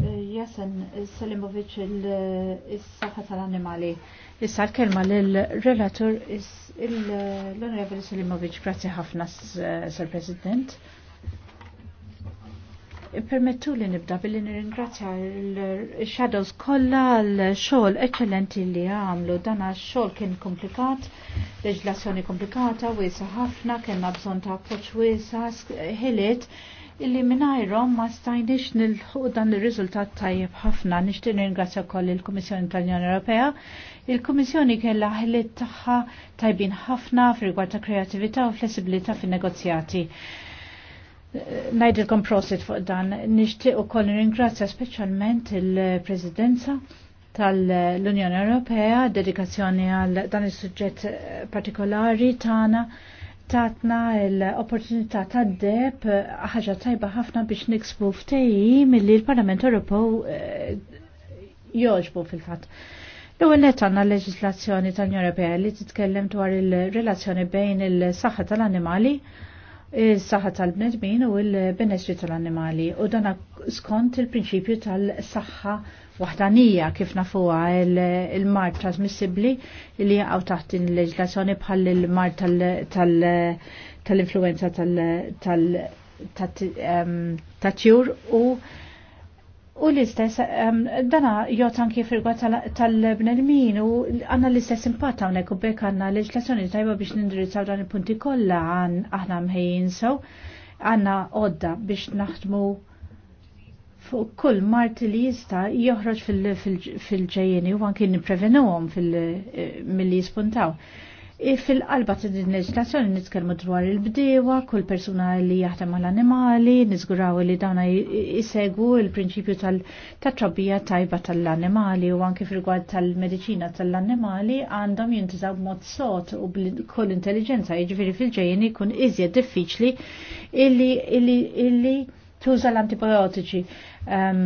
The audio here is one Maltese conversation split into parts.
Jasen Selimovic il-saħħa tal-animali. Issa l-kelma l-relatur l-onorevoli Selimovic, grazie ħafna, Sir President. Permettu li nibda billi nirringrazzja l-Shadows kollha l-xogħol eċċellenti li għamlu. Dana xol xogħol kien komplikat, leġlazzjoni komplikata, wiesa ħafna, kien bżonn ta' approċċ wisa ħiliet illi minnajrom ma stajniex nilħu dan il-rizultat tajjeb ħafna. Nishtin ringrazzja koll il-Komissjoni tal-Unjoni Ewropea. Il-Komissjoni kella ħillit taħħa tajbin ħafna f'rigward ta' kreativita u flessibilità fin-negozjati. Najdilkom prosit fuq dan. nishtin u koll ringrazzja specialment il-Presidenza tal-Unjoni Ewropea, dedikazzjoni għal dan il-sujġet partikolari tana. Ta tatna l-opportunità ta' deb eh, ħaġa tajba ħafna biex niksbu ftejim li l-Parlament Ewropew eh, joġbu fil-fatt. L-ewwel net għandna l-leġislazzjoni tal-Unjoni Ewropea li titkellem dwar il-relazzjoni bejn il-saħħa tal-annimali, is-saħħa tal-bnedmin u l-benessri tal-annimali u dan skont il-prinċipju tal-saħħa waħdanija kif nafuha il mart trasmissibbli li jaqgħu taħt il leġislazzjoni bħal il-mar tal-influenza tal-tjur u U l-istess, dana jot anki firgwa tal-bnelmin u għanna l-istess impatta għonek u bek għanna leġlazzjoni tajba biex nindirizzaw dan il-punti kollha aħna mħejjin so għanna odda biex naħdmu fuq kull marti li jista joħroġ fil-ġejjeni u anki niprevenuhom mill eh, milli jispuntaw. Fil-qalba ta' din leġislazzjoni nitkellmu dwar il-bdewa, kull persuna li jaħdem mal animali niżguraw li dawna jisegwu il-prinċipju tal-trabbija tajba tal-animali u anke fil-gwad tal-medicina tal-animali għandhom jintużaw b'mod sot u kull intelligenza jiġifieri fil-ġejjeni jkun iżjed diffiċli illi tuża l-antibiotiċi um,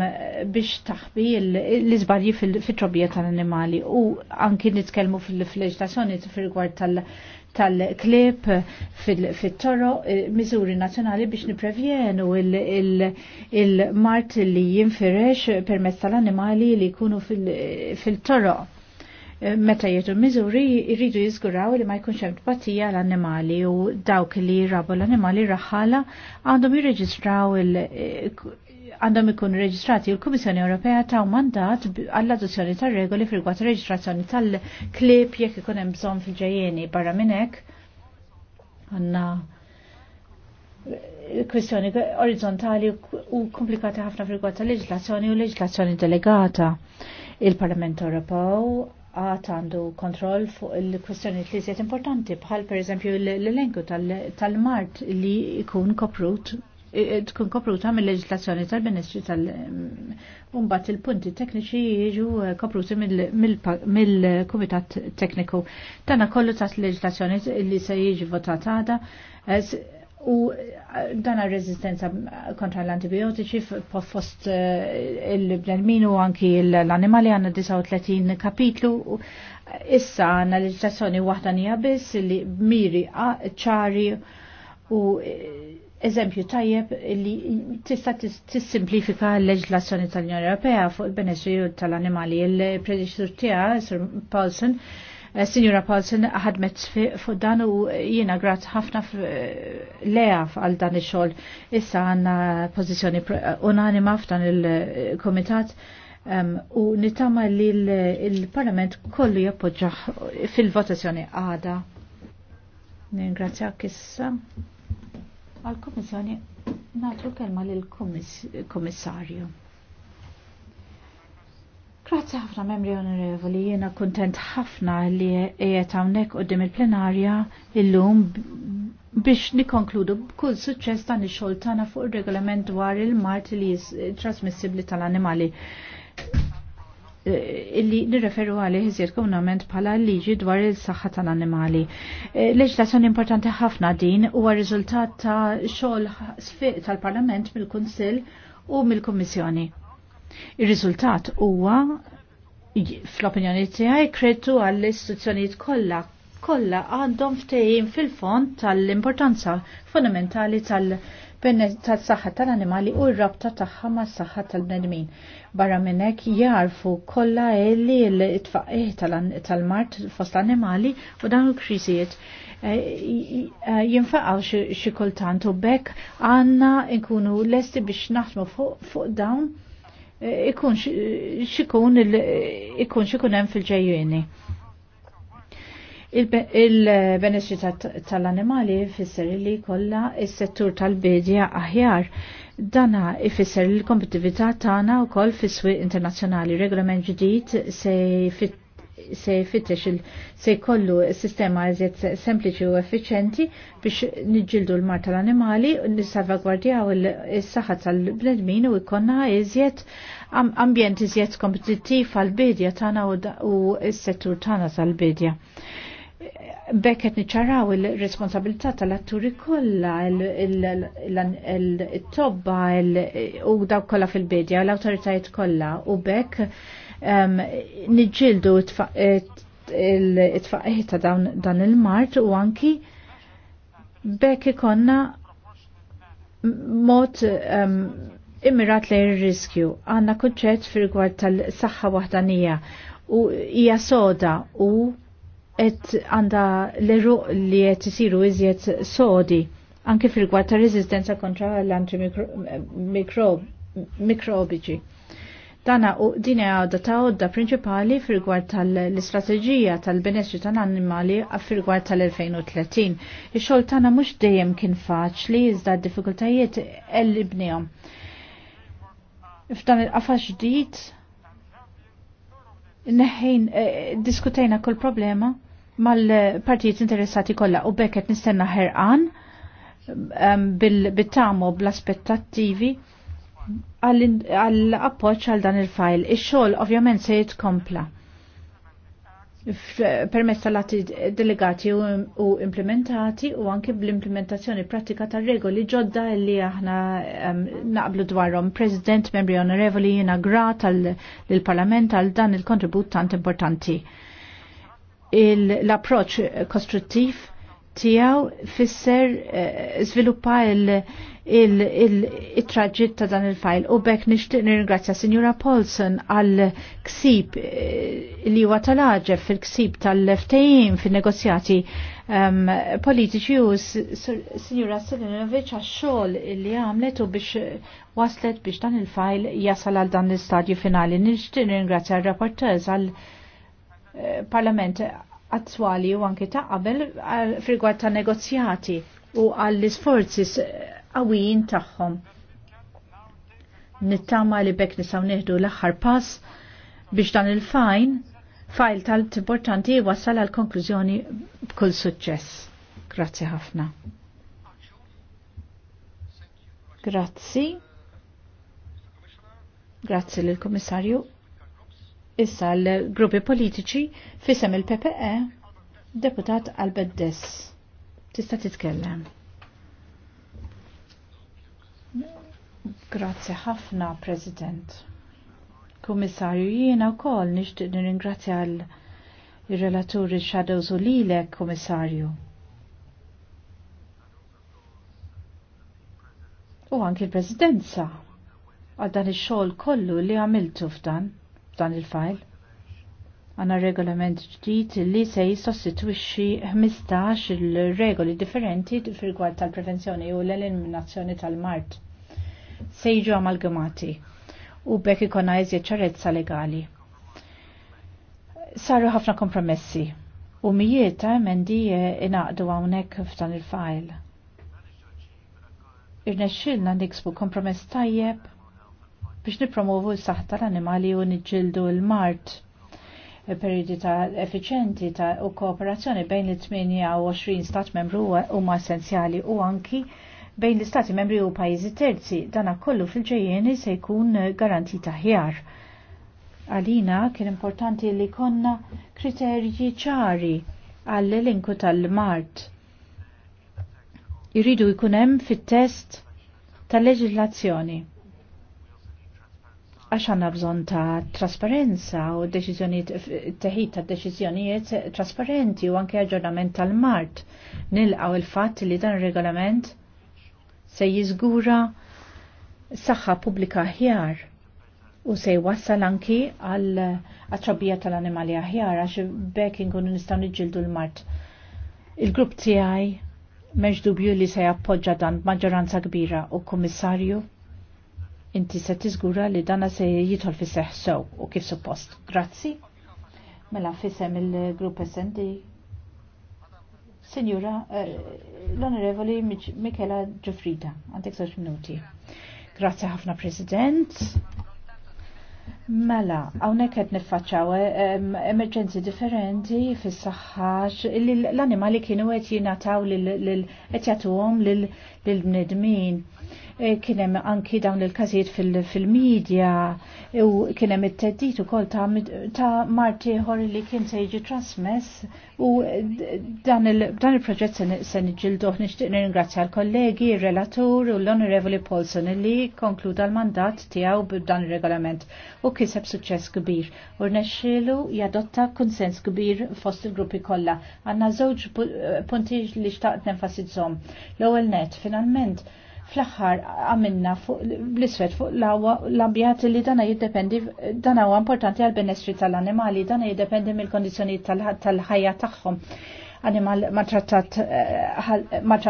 biex taħbi l izbarji fil trobija tal-animali u anki nitkellmu fil-leġitazzjoni fil-rigward tal- tal-klib fit-toro eh, miżuri nazzjonali biex niprevjenu il-mart li jinfirex permezz tal-animali li jkunu fil-toro meta jiedu miżuri jridu jizguraw li ma jkunx hemm tpatija l-annimali u dawk li jirrabu l-annimali raħala għandhom jirreġistraw il- għandhom ikun reġistrati u l-Kummissjoni Ewropea taw mandat għall-adozzjoni tar regoli fil gwat reġistrazzjoni tal klip jekk ikun hemm bżonn fil-ġejjeni barra minn hekk għandna kwestjoni orizzontali u komplikati ħafna fil gwat tal-leġislazzjoni u leġislazzjoni delegata. Il-Parlament Ewropew għat għandu kontroll fuq il kwestjoni li zjed importanti bħal per eżempju l-elenku tal-mart li ikun koprut tkun kopruta mill-leġislazzjoni tal-Ministri tal-Umbat mm, il-punti tekniċi jiġu eh, kopruti mill-Kumitat Tekniku. Tana kollu tas leġislazzjoni li se jiġi votata għada eh, U eh, dan rezistenza kontra l-antibiotiċi fost eh, il-blenmin u anki l-animali għanna 39 kapitlu. Eh, issa għanna leġislazzjoni waħda nija biss li miri ċari u eżempju tajjeb li tista' tissimplifika l-leġislazzjoni tal-Unjoni Ewropea fuq il-benessri tal-animali. Il-prediċtur tiegħek, Sir Paulson, Eh, Signora Paulsen ħadmet fuq dan u jiena grazz ħafna leja għal dan ix-xogħol. Issa għandna pożizzjoni eh, unanima f'dan il-komitat u nitama li l-Parlament kollu jappoġġaħ fil-votazzjoni għada. Ningrazzjak issa għal-Komissjoni natru kelma lill-Kummissarju. Grazzi ħafna membri onorevoli, jena kontent ħafna li jiet hawnhekk qudiem il-plenarja illum biex nikonkludu b'kull suċċess dan ix-xogħol tagħna fuq ir-regolament dwar il-mart li trasmissibbli tal-annimali eh, illi nirreferu għalih ħizir komunament pala liġi dwar il-saxħa tal-animali. Eh, leġislazzjoni importanti ħafna din huwa riżultat ta' xogħol sfiq tal-Parlament mill-Kunsill u mill-Kummissjoni. Ir-riżultat huwa fl-opinjoni tiegħi kretu għall-istituzzjonijiet kollha kollha għandhom ftehim fil-fond tal-importanza fondamentali tal- tas-saħħa tal-animali u r-rabta tagħha mas-saħħa tal-bnedmin. Barra minn hekk jarfu kollha li l-tfaqqih tal-mart fost animali u dan il-kriżijiet eh, eh, jinfaqaw xi kultant u bekk għandna nkunu lesti biex naħdmu fuq dawn ikun xikun ikun xikun hemm fil ġejjini Il-benessi tal-animali jfisser li kolla il-settur tal-bidja aħjar dana ifisser l-kompetitività tagħna wkoll fis-swieq internazzjonali. Regolament ġdid se fit se jfittex se jkollu sistema eżiet sempliċi u effiċenti biex niġġildu l-mar tal-animali, nissalvagwardjaw il-saħħa tal-bnedmin u jkonna eżiet ambjent iżjed kompetittiv għal-bidja tagħna u s-settur tagħna tal-bidja bekket niċċaraw il-responsabilità tal-atturi kollha il-tobba u dawk kollha fil-bidja l-awtoritajiet kollha u bekk niġġieldu it-tfaqih ta' dan il-mart u anki bekk ikonna mod immirat lejn ir-riskju. Għandna kunċett fil-rigward tal-saħħa waħdanija u hija soda u et għanda l eru li jett jisiru iżjed sodi, anke fil-gwad ta' rezistenza kontra l-antimikrobiċi tana u dini għada ta' għodda prinċipali fil-gwar tal-istrateġija tal benessi tal-animali fil-gwar tal-2030. Ix-xogħol tagħna mhux dejjem kien faċli iżda d-diffikultajiet ibnijom F'dan il qafa ġdid neħin eh, diskutajna kull problema mal-partijiet interessati kollha u bekket nistenna ħerqan ehm, bil-tamu bl-aspettattivi għall-appoċ għal dan il-fajl. Ix-xogħol ovvjament se jitkompla permessa tal-atti delegati u implementati u anke bl-implementazzjoni pratika tar regoli ġodda li aħna naqblu dwarhom. President, membri onorevoli, jiena grat għall-Parlament għal dan il-kontribut tant importanti. L-approċ kostruttiv tijaw fisser zviluppa eh, il-traġit ta' dan il-fajl u bekk nishtiq nirgrazzja Signora Paulson għal ksib eh, li huwa tal-aġef fil-ksib tal-ftejim fil-negozjati ehm, politiċi u Signora Selinovic għax xogħol li għamlet u biex waslet biex dan il-fajl jasal għal dan l-istadju finali. Nishtiq nirgrazzja r-rapporters għal eh, parlament attwali u anke ta' qabel frigward ta' negozjati u għall-isforzi għawijin tagħhom. Nittama li bekk nisaw neħdu l-aħħar pass biex dan il-fajn fajl tal-importanti wasal għal konklużjoni b'kull suċċess. Grazzi ħafna. Grazzi. Grazzi lill-Komissarju. Issa l-gruppi politiċi fisem il-PPE deputat Albert Dess. Tista' titkellem. Grazzi ħafna, President. Komissarju, jiena u kol nishtiq nirringrazzja l-relaturi Shadows u lilek, Kummissarju. U anki l-Presidenza għal dan ix-xogħol kollu li għamiltu f'dan. Dan il-fajl. Għanna regolament ġdid li se jissostitwixxi 15 il-regoli differenti fil-gwad tal-prevenzjoni u l-eliminazzjoni tal-mart. Se jiġu amalgamati u bekk ikonna eżjed ċarezza legali. Saru ħafna kompromessi u mijiet ta' emendi inaqdu hawnhekk f'dan il-fajl. Irnexxilna niksbu kompromess tajjeb biex nipromovu s-saħħa tal-animali u niġġieldu l-mart periodi ta' effiċenti ta' u kooperazzjoni bejn l-28 stat membru huma essenzjali u anki bejn l-istati membri u pajjiżi terzi dana kollu fil-ġejjeni se jkun garantita ħjar. Għalina kien importanti li konna kriterji ċari għall-elenku tal-mart. Irridu jkunem fit-test tal-leġislazzjoni għax għanna bżon ta' trasparenza u deċizjoniet teħid ta' deċizjoniet trasparenti u anke aġġornament tal-mart. Nilqaw il-fatt li dan regolament se jiżgura saħħa pubblika aħjar u se jwassal anki għal attrabija tal-animali aħjar għax bekk inkunu nistgħu niġġieldu l-mart. Il-grupp tiegħi meġ dubju li se jappoġġa dan maġġoranza kbira u kummissarju inti se tiżgura li dana se jidħol fis seħ sew u kif suppost. Grazzi. Mela fisem il-grupp SND. Signora, eh, l-onorevoli Michela Ġufrida, għandek żewġ minuti. Grazzi ħafna President. Mela, għawnek għed nifacċaw emerġenzi differenti fis saħħax l-animali kienu għed jinataw l-etjatu għom l-bnedmin. Eh, kienem anki dawn il-kazijiet fil-medja u kienem it-teddit u kol ta' marti ħor li kien se jiġi transmess u dan il-proġett se nġilduħ nishtiq ringrazzja l-kollegi, il-relatur u l-onorevoli Paulson li konkluda l-mandat tijaw b'dan il-regolament u kiseb suċċess kbir u rnexxilu jadotta konsens kbir fost il-gruppi kollha. Għanna żewġ eh, punti li xtaqt nenfasizzhom. L-ewwel net, finalment, fl-aħħar għamilna bl-isfet fuq l-ambjat li dana jiddependi, dana huwa importanti għal benestri tal-animali, dana jiddependi mill-kondizjoni tal-ħajja tagħhom. Animal ma trattat eh, ma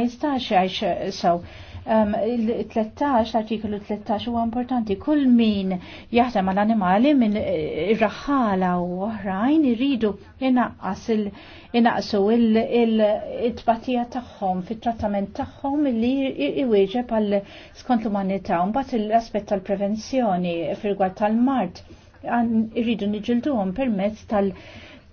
jistax għax sew il-13, l-artiklu 13 huwa importanti. Kull min jaħdem mal animali minn eh, ir-raħala u oħrajn iridu inaqqas inaqsu il-tbatija tagħhom fit-trattament tagħhom li iwieġeb għal skont l-umanità u mbagħad l-aspett tal-prevenzjoni firgwad tal-mart irridu niġilduhom permezz tal-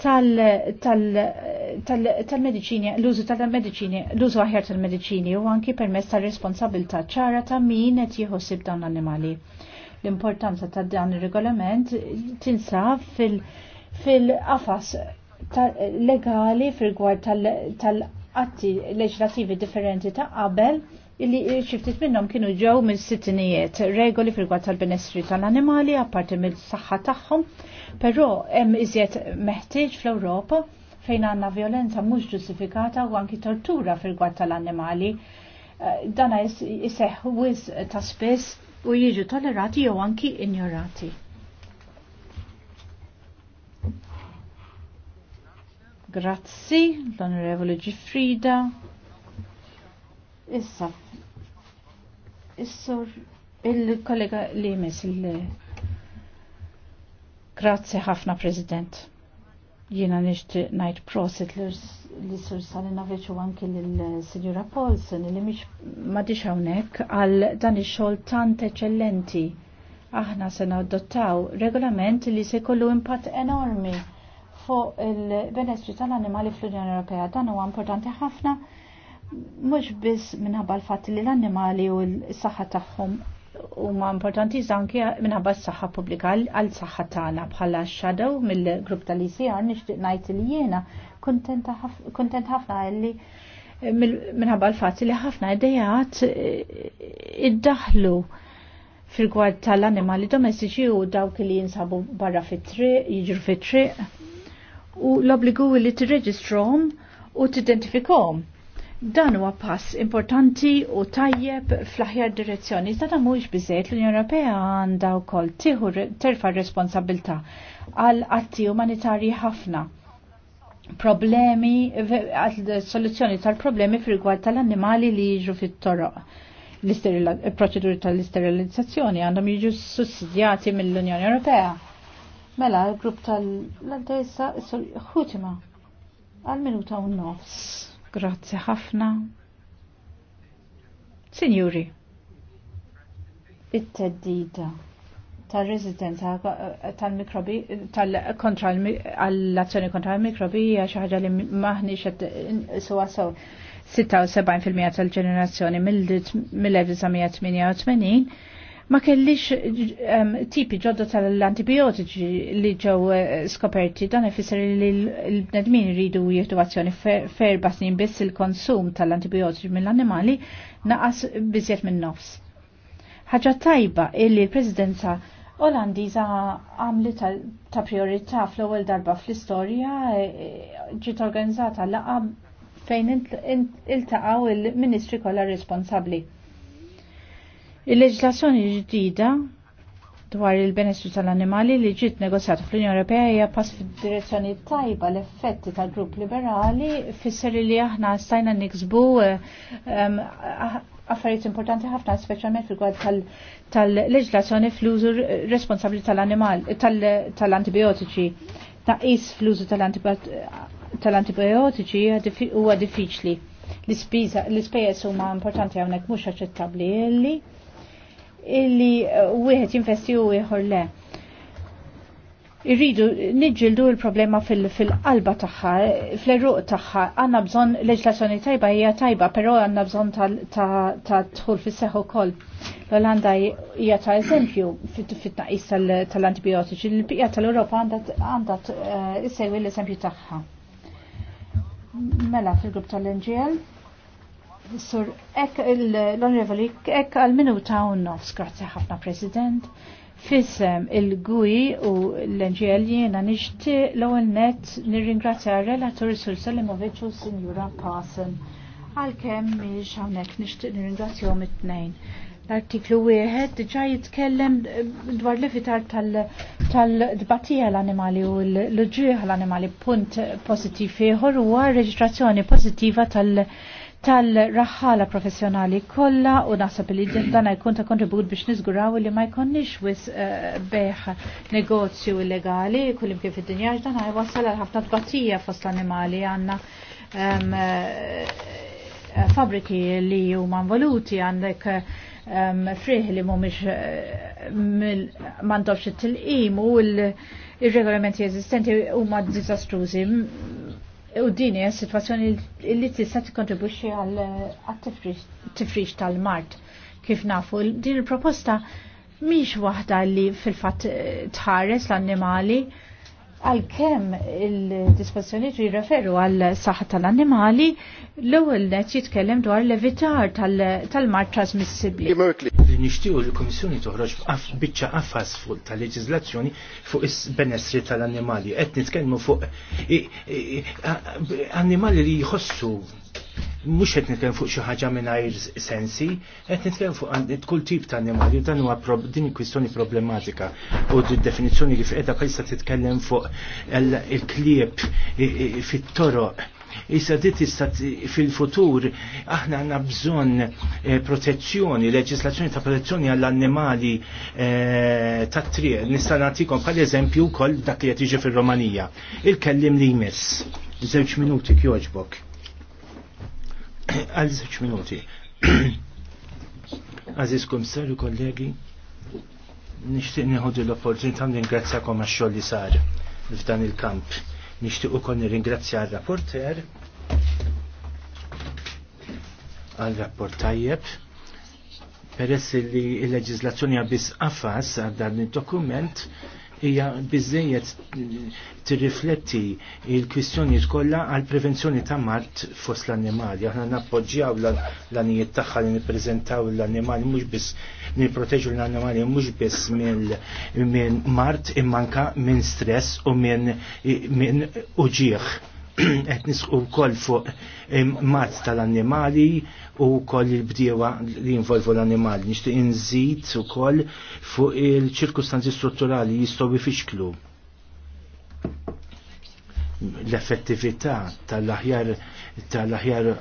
tal-medicini, l-użu tal-medicini, l-użu aħjar tal-medicini u anki permess tal-responsabilta ċara ta' min qed jieħosib dawn l-annimali. L-importanza ta' dan ir-regolament tinsab fil-qafas legali fil-gwar tal-atti leġlativi differenti ta' qabel illi xiftit minnom kienu ġew minn sittinijiet regoli fil-gwar tal-benessri tal-animali apparti mill-saħħa tagħhom Però hemm iżjed meħtieġ fl-Ewropa fejn għandna violenza mhux ġustifikata u anki tortura fil-gwatt tal-annimali. Eh, dana jiseħ wiz ta' spess u jiġu tollerati jew anki ignorati. Grazzi, l-Onorevoli Ġifrida. Issa, is il-kollega li jmiss il Grazzi ħafna, President. Jiena nixt najt prosit li sur Salina veċu anki l signora Paulsen li miex madix hawnhekk għal dan ix-xogħol tant eċellenti. Aħna se nadottaw regolament li se jkollu impatt enormi fuq il benestri tal-annimali fl-Unjoni Ewropea. Dan huwa importanti ħafna mhux biss minħabba l-fatt li l-annimali u l-saħħa tagħhom huma importanti zanki minħabba s-saħħa pubblika għal saħħa tagħna bħala shadow mill-grupp tal-ICR nixtieq ngħid li jiena kuntent ħafna li minħabba l-fatt li ħafna idejat eh, iddaħlu fil-gwad tal-animali domestiċi u dawk li jinsabu barra fit-triq, jiġru fit-triq u l-obligu li t-reġistrom u t-identifikom. Dan huwa pass importanti u tajjeb fl-aħjar direzzjoni. Iżda dan mhuwiex biżejjed l-Unjoni Ewropea għandha wkoll tieħu terfa' responsabilità għal atti umanitarji ħafna problemi, soluzzjoni tal-problemi fil-rigward tal-annimali li jiġu fit-toroq. proċeduri tal-isterilizzazzjoni għandhom jiġu sussidjati mill-Unjoni Ewropea. Mela, l-grupp tal-Aldesa, Ħutima għal-minuta u nofs. Grazzi ħafna. Signori, it-teddida tal-residenza tal-mikrobi, tal-kontra għall-azzjoni kontra l-mikrobi, hija xi ħaġa li maħniex qed suwa sew 76% tal-ġenerazzjoni mill-1988 ma kellix ehm, tipi ġodda tal-antibiotiċi li ġew eh, skoperti dan ifisser li l-bnedmin ridu jieħdu azzjoni ferba snin biss il-konsum tal-antibiotiċi mill-annimali naqas biżjed minn nofs. Ħaġa tajba illi l-Presidenza Olandiża għamli ta' priorità fl-ewwel darba fl-istorja eh, ġiet organizzata laqgħa fejn iltaqgħu il-Ministri kollha responsabbli Il-leġislazzjoni ġdida dwar il benessu tal-annimali li ġiet negozjata fl-Unjoni Ewropea hija pass fid-direzzjoni tajba l-effetti tal-grupp liberali fisser li aħna stajna niksbu ehm, ah, affarijiet importanti ħafna speċjalment rigward tal-leġislazzjoni fl-użu responsabbli tal animal tal-antibiotiċi. Taqis fl-użu tal-antibiotiċi huwa diffiċli. L-ispejjeż huma importanti hawnhekk mhux aċċettabbli li illi eh, wieħed jinvesti u ieħor le. Irridu niġġildu l problema fil-qalba tagħha, fl-eruq tagħha, għandna bżonn leġislazzjoni tajba hija tajba, però għandna bżonn ta' dħul fis-seħħ ukoll. L-Olanda hija ta' eżempju fit-tnaqqis tal-antibiotiċi, l-bqija tal-Ewropa għandha eh, issegwi l-eżempju tagħha. Mela fil-grupp tal-NGL. Sur, ek l-onorevoli, ek għal-minuta u nofs, grazie ħafna President. Fissem il-GUI u l-NGL jena nixti l għol net nirringrazzja relatur Sur Selimovic u Signora Parson. Għal-kem miex għawnek nixti nirringrazzja u mit-tnejn. L-artiklu wieħed diġà jitkellem dwar l-fitar tal-dbatija l-animali u l-ġieħ l-animali punt pozittiv ieħor huwa reġistrazzjoni pozittiva tal-animali tal-raħħala professjonali kollha u naħseb li dan jkun ta' kontribut biex niżguraw li ma jkunniex wis eh, beħ negozju illegali kullim kif id-dinja ġdana jwassal għal ħafna tbatija fost animali għandna eh, fabriki li huma involuti għandek friħ li mhumiex eh, m'għandhomx it-tilqim u l-regolamenti eżistenti huma diżastrużi U din hija situazzjoni li tista' tikkontribwixxi għal tifrix tal-mart kif nafu. Din il-proposta mhix waħda li fil-fatt tħares l-annimali għal kem il-disposizjoniet jirreferu għal saħħa tal-annimali l-ewwel net jitkellem dwar l-evitar tal mar trasmissibbli. Li nixtiequ li l-Kummissjoni toħroġ biċċa qafas fuq tal-leġiżlazzjoni fuq is-benessri tal-annimali. Qed nitkellmu fuq annimali li jħossu mhux qed nitkellem fuq xi ħaġa mingħajr sensi, qed nitkellem fuq kull tip ta' annimali dan huwa din kwistjoni problematika u d-definizzjoni kif qiegħda bħalissa titkellem fuq il-klieb fit-toroq. Issa dit issa fil-futur aħna għandna bżonn eh, protezzjoni, leġislazzjoni ta' protezzjoni għall-annimali eh, ta' triq. Nista' nagħtikom bħal eżempju wkoll dak li qed jiġi fir-Romanija. Il-kellim li jmiss. Żewġ minuti kjoġbok. għal żewġ minuti. Aziz u kollegi, nixtieq nieħodu l-opportunità nirringrazzakom għax-xogħol li sar f'dan il-kamp. Nixtieq ukoll nirringrazzja r-rapporter għal rapport tajjeb peress li l-leġizlazzjoni għabis għafas għad dan il-dokument hija biżejjed tirrifletti il-kwistjonijiet kollha għal prevenzjoni ta' mart fost l-annimali. Aħna nappoġġjaw l-anijiet tagħha li nippreżentaw l-annimali mhux biss nipproteġu l-annimali mhux biss minn mart immanka minn stress u minn uġieħ qed nisqu wkoll fuq mazz tal-annimali u wkoll il-bdiewa li jinvolvu l-annimali. Nixtieq inżid ukoll fuq il-ċirkustanzi strutturali jistgħu jfixklu l-effettività tal-aħjar tal-aħjar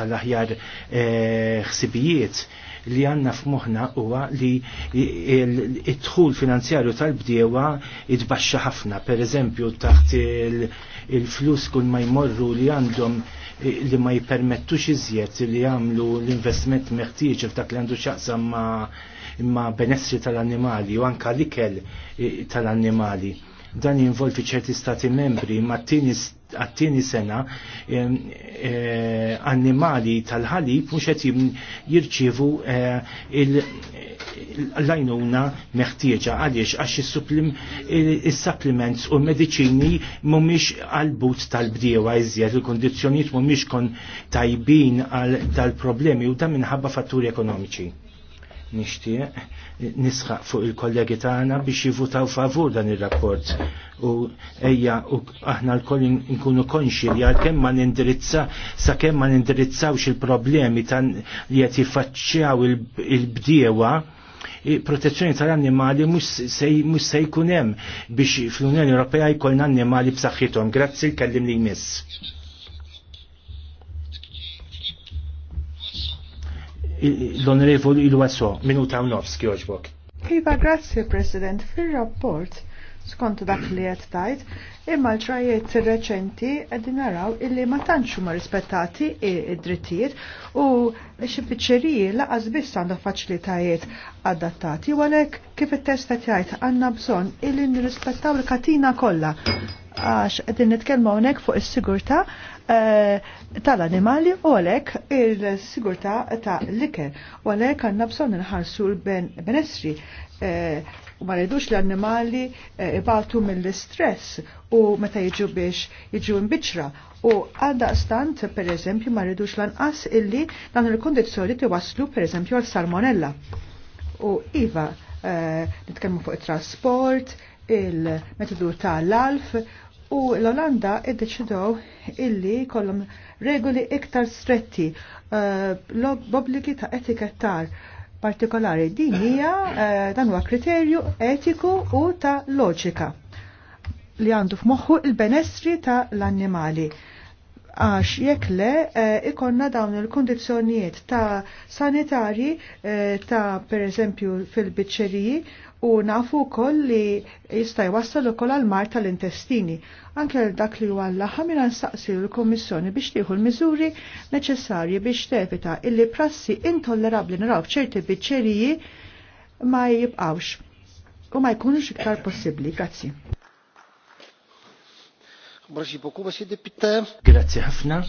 tal-aħjar eh, ħsibijiet li għanna f'moħna huwa li id-dħul finanzjarju tal-bdiewa jitbaxxa ħafna, per eżempju taħt il-flus kull ma jmorru li għandhom li ma jipermettux iżjed li jagħmlu l-investiment meħtieġ f'dak li għandu x'aqsam ma' benessri tal-annimali u anka l-ikel eh, tal-annimali. Dan jinvolvi ċerti stati membri ma' tini għattini sena e, annimali tal-ħalib mux qed jirċivu e, l-lajnuna meħtieġa għaliex għax il-supplements u mediċini mumiex għal-but tal-bdiewa iżjed il-kondizjoniet mumiex kon tajbin tal-problemi u da minħabba fatturi ekonomiċi nixtieq nisħaq fuq il-kollegi tagħna biex jivutaw favur dan ir-rapport u ejja u aħna l-koll nkunu konxi li għalkemm ma nindirizza sakemm ma nindirizzawx il-problemi tan li qed jiffaċċjaw il-bdiewa protezzjoni tal-annimali mhux se jkun hemm biex fl-Unjoni Ewropea jkollna annimali b'saħħithom. Grazzi l-kellim li jmiss. l-onorevoli il-wasso minuta u nofs kjoġbok. Kiva grazzi, President. Fil-rapport, skont dak li qed tajt, imma l-trajiet reċenti qegħdin naraw illi ma tantx huma rispettati id-drittijiet u xi biċċeriji laqas biss għandha faċilitajiet adattati u għalhekk kif it-test qed għanna għandna bżonn illi nirrispettaw il-katina kollha għax qegħdin nitkellmu hawnhekk fuq is-sigurtà eh, tal-animali u għalhekk il-sigurtà ta' l-ikel. U għalhekk għandna bżonn inħarsu l-benessri eh, u ma rridux l-annimali eh, ibatu mill-istress u meta jiġu biex jiġu mbiċra u għadda stant per eżempju ma rridux lanqas illi dan il-kondizzjoni waslu per eżempju għal salmonella. U iva, nitkellmu fuq it-trasport, il-metodu tal-alf u l-Olanda iddeċidow illi kollum regoli iktar stretti uh, l-obbligi ta' etikettar partikolari din hija uh, dan huwa kriterju etiku u ta' loġika li għandu f'moħħu il-benestri ta' l-annimali għax jekk le eh, ikonna dawn il-kondizjonijiet ta' sanitarji eh, ta' per eżempju fil-biċċeriji u nafu wkoll li jista' jwassal ukoll għal mar tal-intestini. Anke dak li għalla ħamina nsaqsi l-Kummissjoni biex tieħu l-miżuri neċessarji biex tevita illi prassi intollerabbli naraw ċerti biċċeriji ma jibqawx u ma jkunux iktar possibbli. Grazzi. Braxi poku basi depitta. Grazzi ħafna.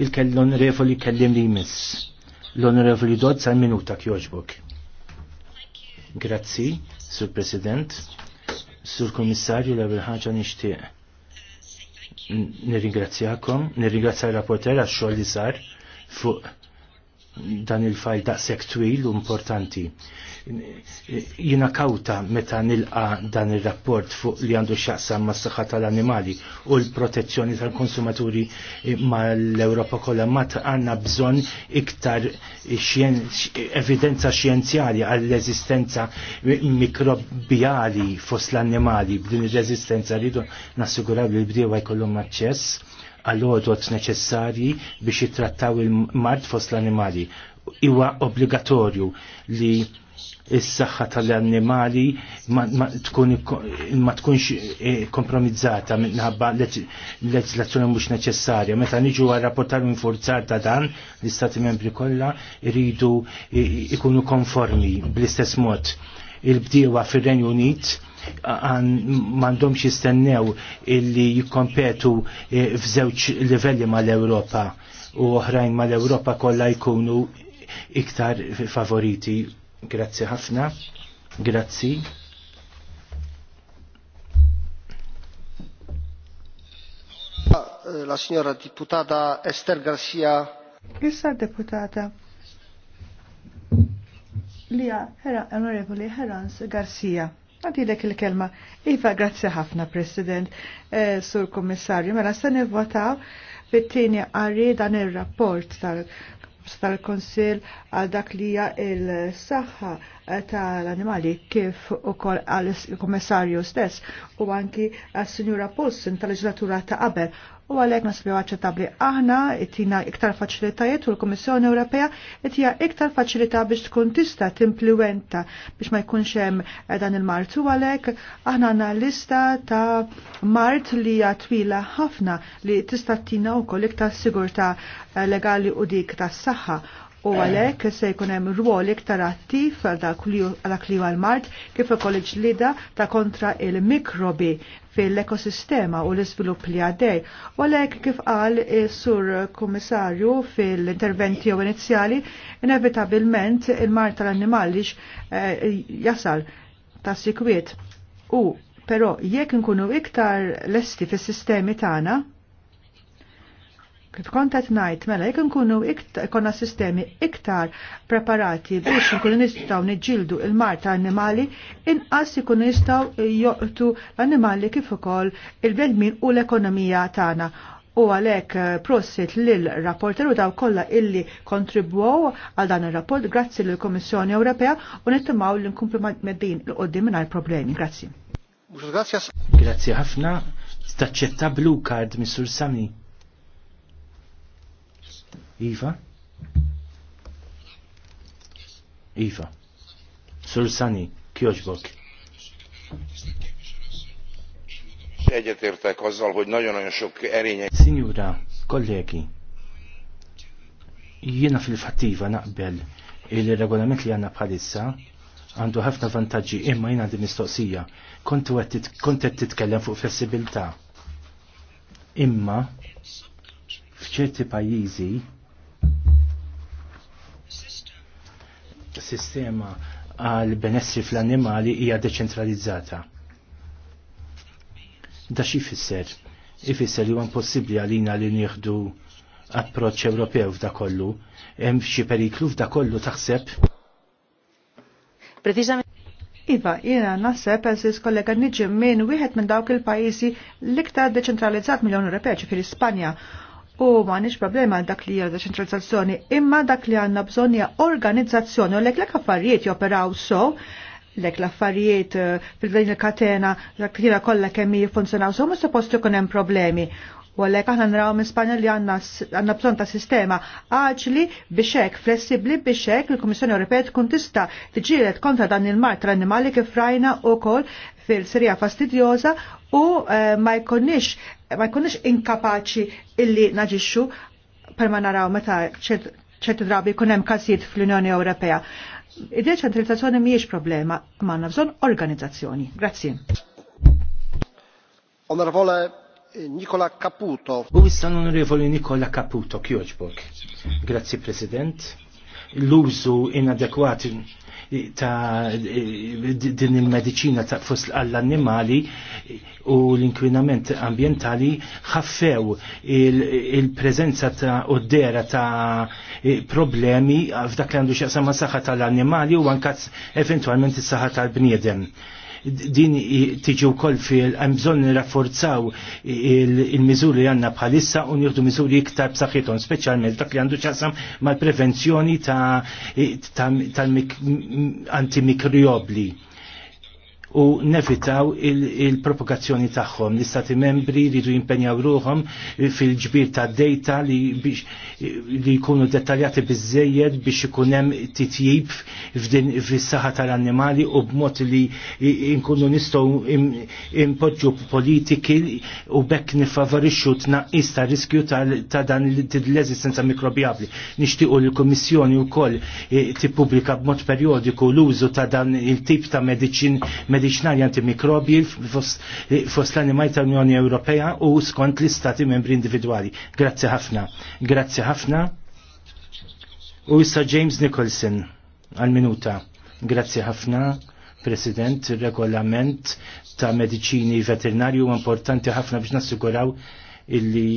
Il-kell refoli onorevoli kellim li jmiss. L-onorevoli Dodds sa' minuta kjoġbok. Grazzi, Sur President, Sur Komissarju, l-ewwel ħaġa nixtieq. Nirringrazzjakom, nirringrazzja l-rapporter għax xogħol li sar fuq dan il-fajl daqshekk twil u importanti. Jina kawta meta nilqa dan il-rapport fuq li għandu xaqsam ma' s-saħħa tal-animali u l-protezzjoni tal-konsumaturi mal-Ewropa kollha mat għandna bżonn iktar evidenza xjenzjali għall-reżistenza mikrobiali fost l-annimali b'din ir-reżistenza rridu nassiguraw li l-bdiewa jkollhom aċċess għal-odot neċessarji biex jittrattaw il-mart fost l-animali. Iwa obbligatorju li is-saħħa tal-annimali ma tkunx eh, kompromizzata minħabba leġislazzjoni mhux neċessarja. Meta niġu għal rapportar minn forzar ta' dan l-istati membri kollha jridu eh, ikunu konformi bl-istess mod il-bdiewa fir-Renju Unit m'għandhomx jistennew illi jikkompetu eh, f'żewġ livelli mal-Ewropa u oħrajn mal-Ewropa kollha jkunu iktar favoriti. Grazzi ħafna. Grazzi. La signora deputata Esther Garcia. Issa deputata Lija, herra, onorevoli Herans Garcia. Għadilek il-kelma. Iva, grazzi ħafna, President, eh, Sur Kommissarju. Mela, se nivvotaw fit-tieni għarri dan ir rapport tal-Konsil għal dak li hija il-saħħa tal-animali kif ukoll għal-Kummissarju stess u anki għas-Sinjura Pulsin tal-Leġislatura ta' qabel u għalhekk nasbiju aċċettabbli aħna tina iktar faċilitajiet u l-Kummissjoni Ewropea qed iktar faċilità biex tkun tista' timpliwenta biex ma jkunx hemm eh, dan il-Mart u għalhekk aħna għanna lista ta' Mart li hija twila ħafna li tista' tina wkoll iktar sigurtà eh, legali u dik tas-saħħa u għalhekk se jkun hemm rwol iktar attiv għal dak li għal mart kif ukoll ġlida ta' kontra il-mikrobi fil-ekosistema u l-iżvilupp li għaddej. U għalhekk kif qal sur kummissarju fil-interventi u inizjali, inevitabilment il-mart tal-annimali eh, jasal ta' sikwiet. U però jekk nkunu iktar lesti fis-sistemi tagħna, Kif kontat ngħid mela jekk nkunu ikonna sistemi iktar preparati biex nkunu nistgħu niġġieldu il-mar ta' annimali, inqas ikunu nistaw joqtu l-annimali kif ukoll il-belmin u l-ekonomija tagħna. U għalhekk eh, prosit l rapporter u daw kollha illi kontribuaw għal dan ir-rapport grazzi lill komissjoni Ewropea u nittimaw li nkumplu meddin l-qoddim mingħajr problemi. Grazzi. Grazzi ħafna. Staċċetta blu card, Missur Sami. Iva? Iva. Sur Sani, kiosbok. Egyetértek azzal, hogy nagyon-nagyon sok erények. Signora, kollégi, jiena fil-fattiva naqbel il-regolament li għanna bħalissa għandu ħafna vantaġġi imma jiena għandi mistoqsija. Kont qed titkellem fuq flessibilità. Imma f'ċerti pajjiżi sistema għal benessri fl-annimali hija deċentralizzata. Da xi fisser? Ifisser li huwa impossibbli għalina li nieħdu approċċ Ewropew f'da kollu. Hemm xi periklu f'da kollu taħseb? Iva, jena naħseb eżis kollega niġi minn wieħed minn dawk il-pajjiżi l-iktar deċentralizzat mill-Unjoni Ewropea, ġifieri Spanja u m'għandniex problema għal dak li hija ċentralizzazzjoni, imma dak li għandna bżonn hija organizzazzjoni u lek lek affarijiet joperaw so lek l-affarijiet eh, fil-din il-katena, l-aktira kollha kemm jiffunzjonaw so mhux suppost ikun hemm problemi. U għalek aħna naraw minn Spanja li għanna bżon ta' sistema għaġli biex hekk flessibbli biex hekk il komissjoni Ewropea tkun tista' tiġielet kontra dan il-mart l annimali kif rajna wkoll fil-serija fastidjosa u eh, ma ma jkunniex inkapaċi illi naġixxu per ma naraw meta ċertu drabi jkun hemm każijiet fl-Unjoni Ewropea. Idea ċentralizzazzjoni mhijiex problema, ma għandna bżonn organizzazzjoni. Grazzi. Onorevole Nikola Caputo. U issa l-Onorevoli Nikola Caputo, kjoġbok. Grazzi, President. L-użu inadekwat ta' din il-medicina ta' fost għall-annimali u l inkwinament ambientali ħaffew il-prezenza ta' oddera ta' problemi f'dak li għandu xaqsa ma' saħħa tal-annimali u għankat eventualment is-saħħa tal-bniedem din tiġi wkoll fil hemm bżonn nirrafforzaw il-miżuri li għandna bħalissa u nieħdu miżuri iktar b'saħħithom, speċjalment dak li għandu ċasam mal-prevenzjoni ta' tal-antimikrobli u nevitaw il-propagazzjoni tagħhom. L-istati membri jridu jimpenjaw ruhom fil-ġbir ta' data li, li jkunu dettaljati biżejjed biex ikun hemm titjib fis-saħħa tal-annimali u b'mod li nkunu nistgħu impoġġu politiki u bekk nifavorixxu tnaqqis ta' riskju ta' dan l-eżistenza mikrobjabli. Nixtiequ l-Kummissjoni wkoll eh, tippubblika b'mod perjodiku l-użu ta' dan il-tip ta' medicin, medicin medicinali antimikrobi fost l animaj tal-Unjoni Ewropea u skont l-istati membri individuali. Grazzi ħafna. Grazzi ħafna. U issa James Nicholson għal-minuta. Grazzi ħafna. President, regolament ta' mediċini veterinari u importanti ħafna biex nassiguraw illi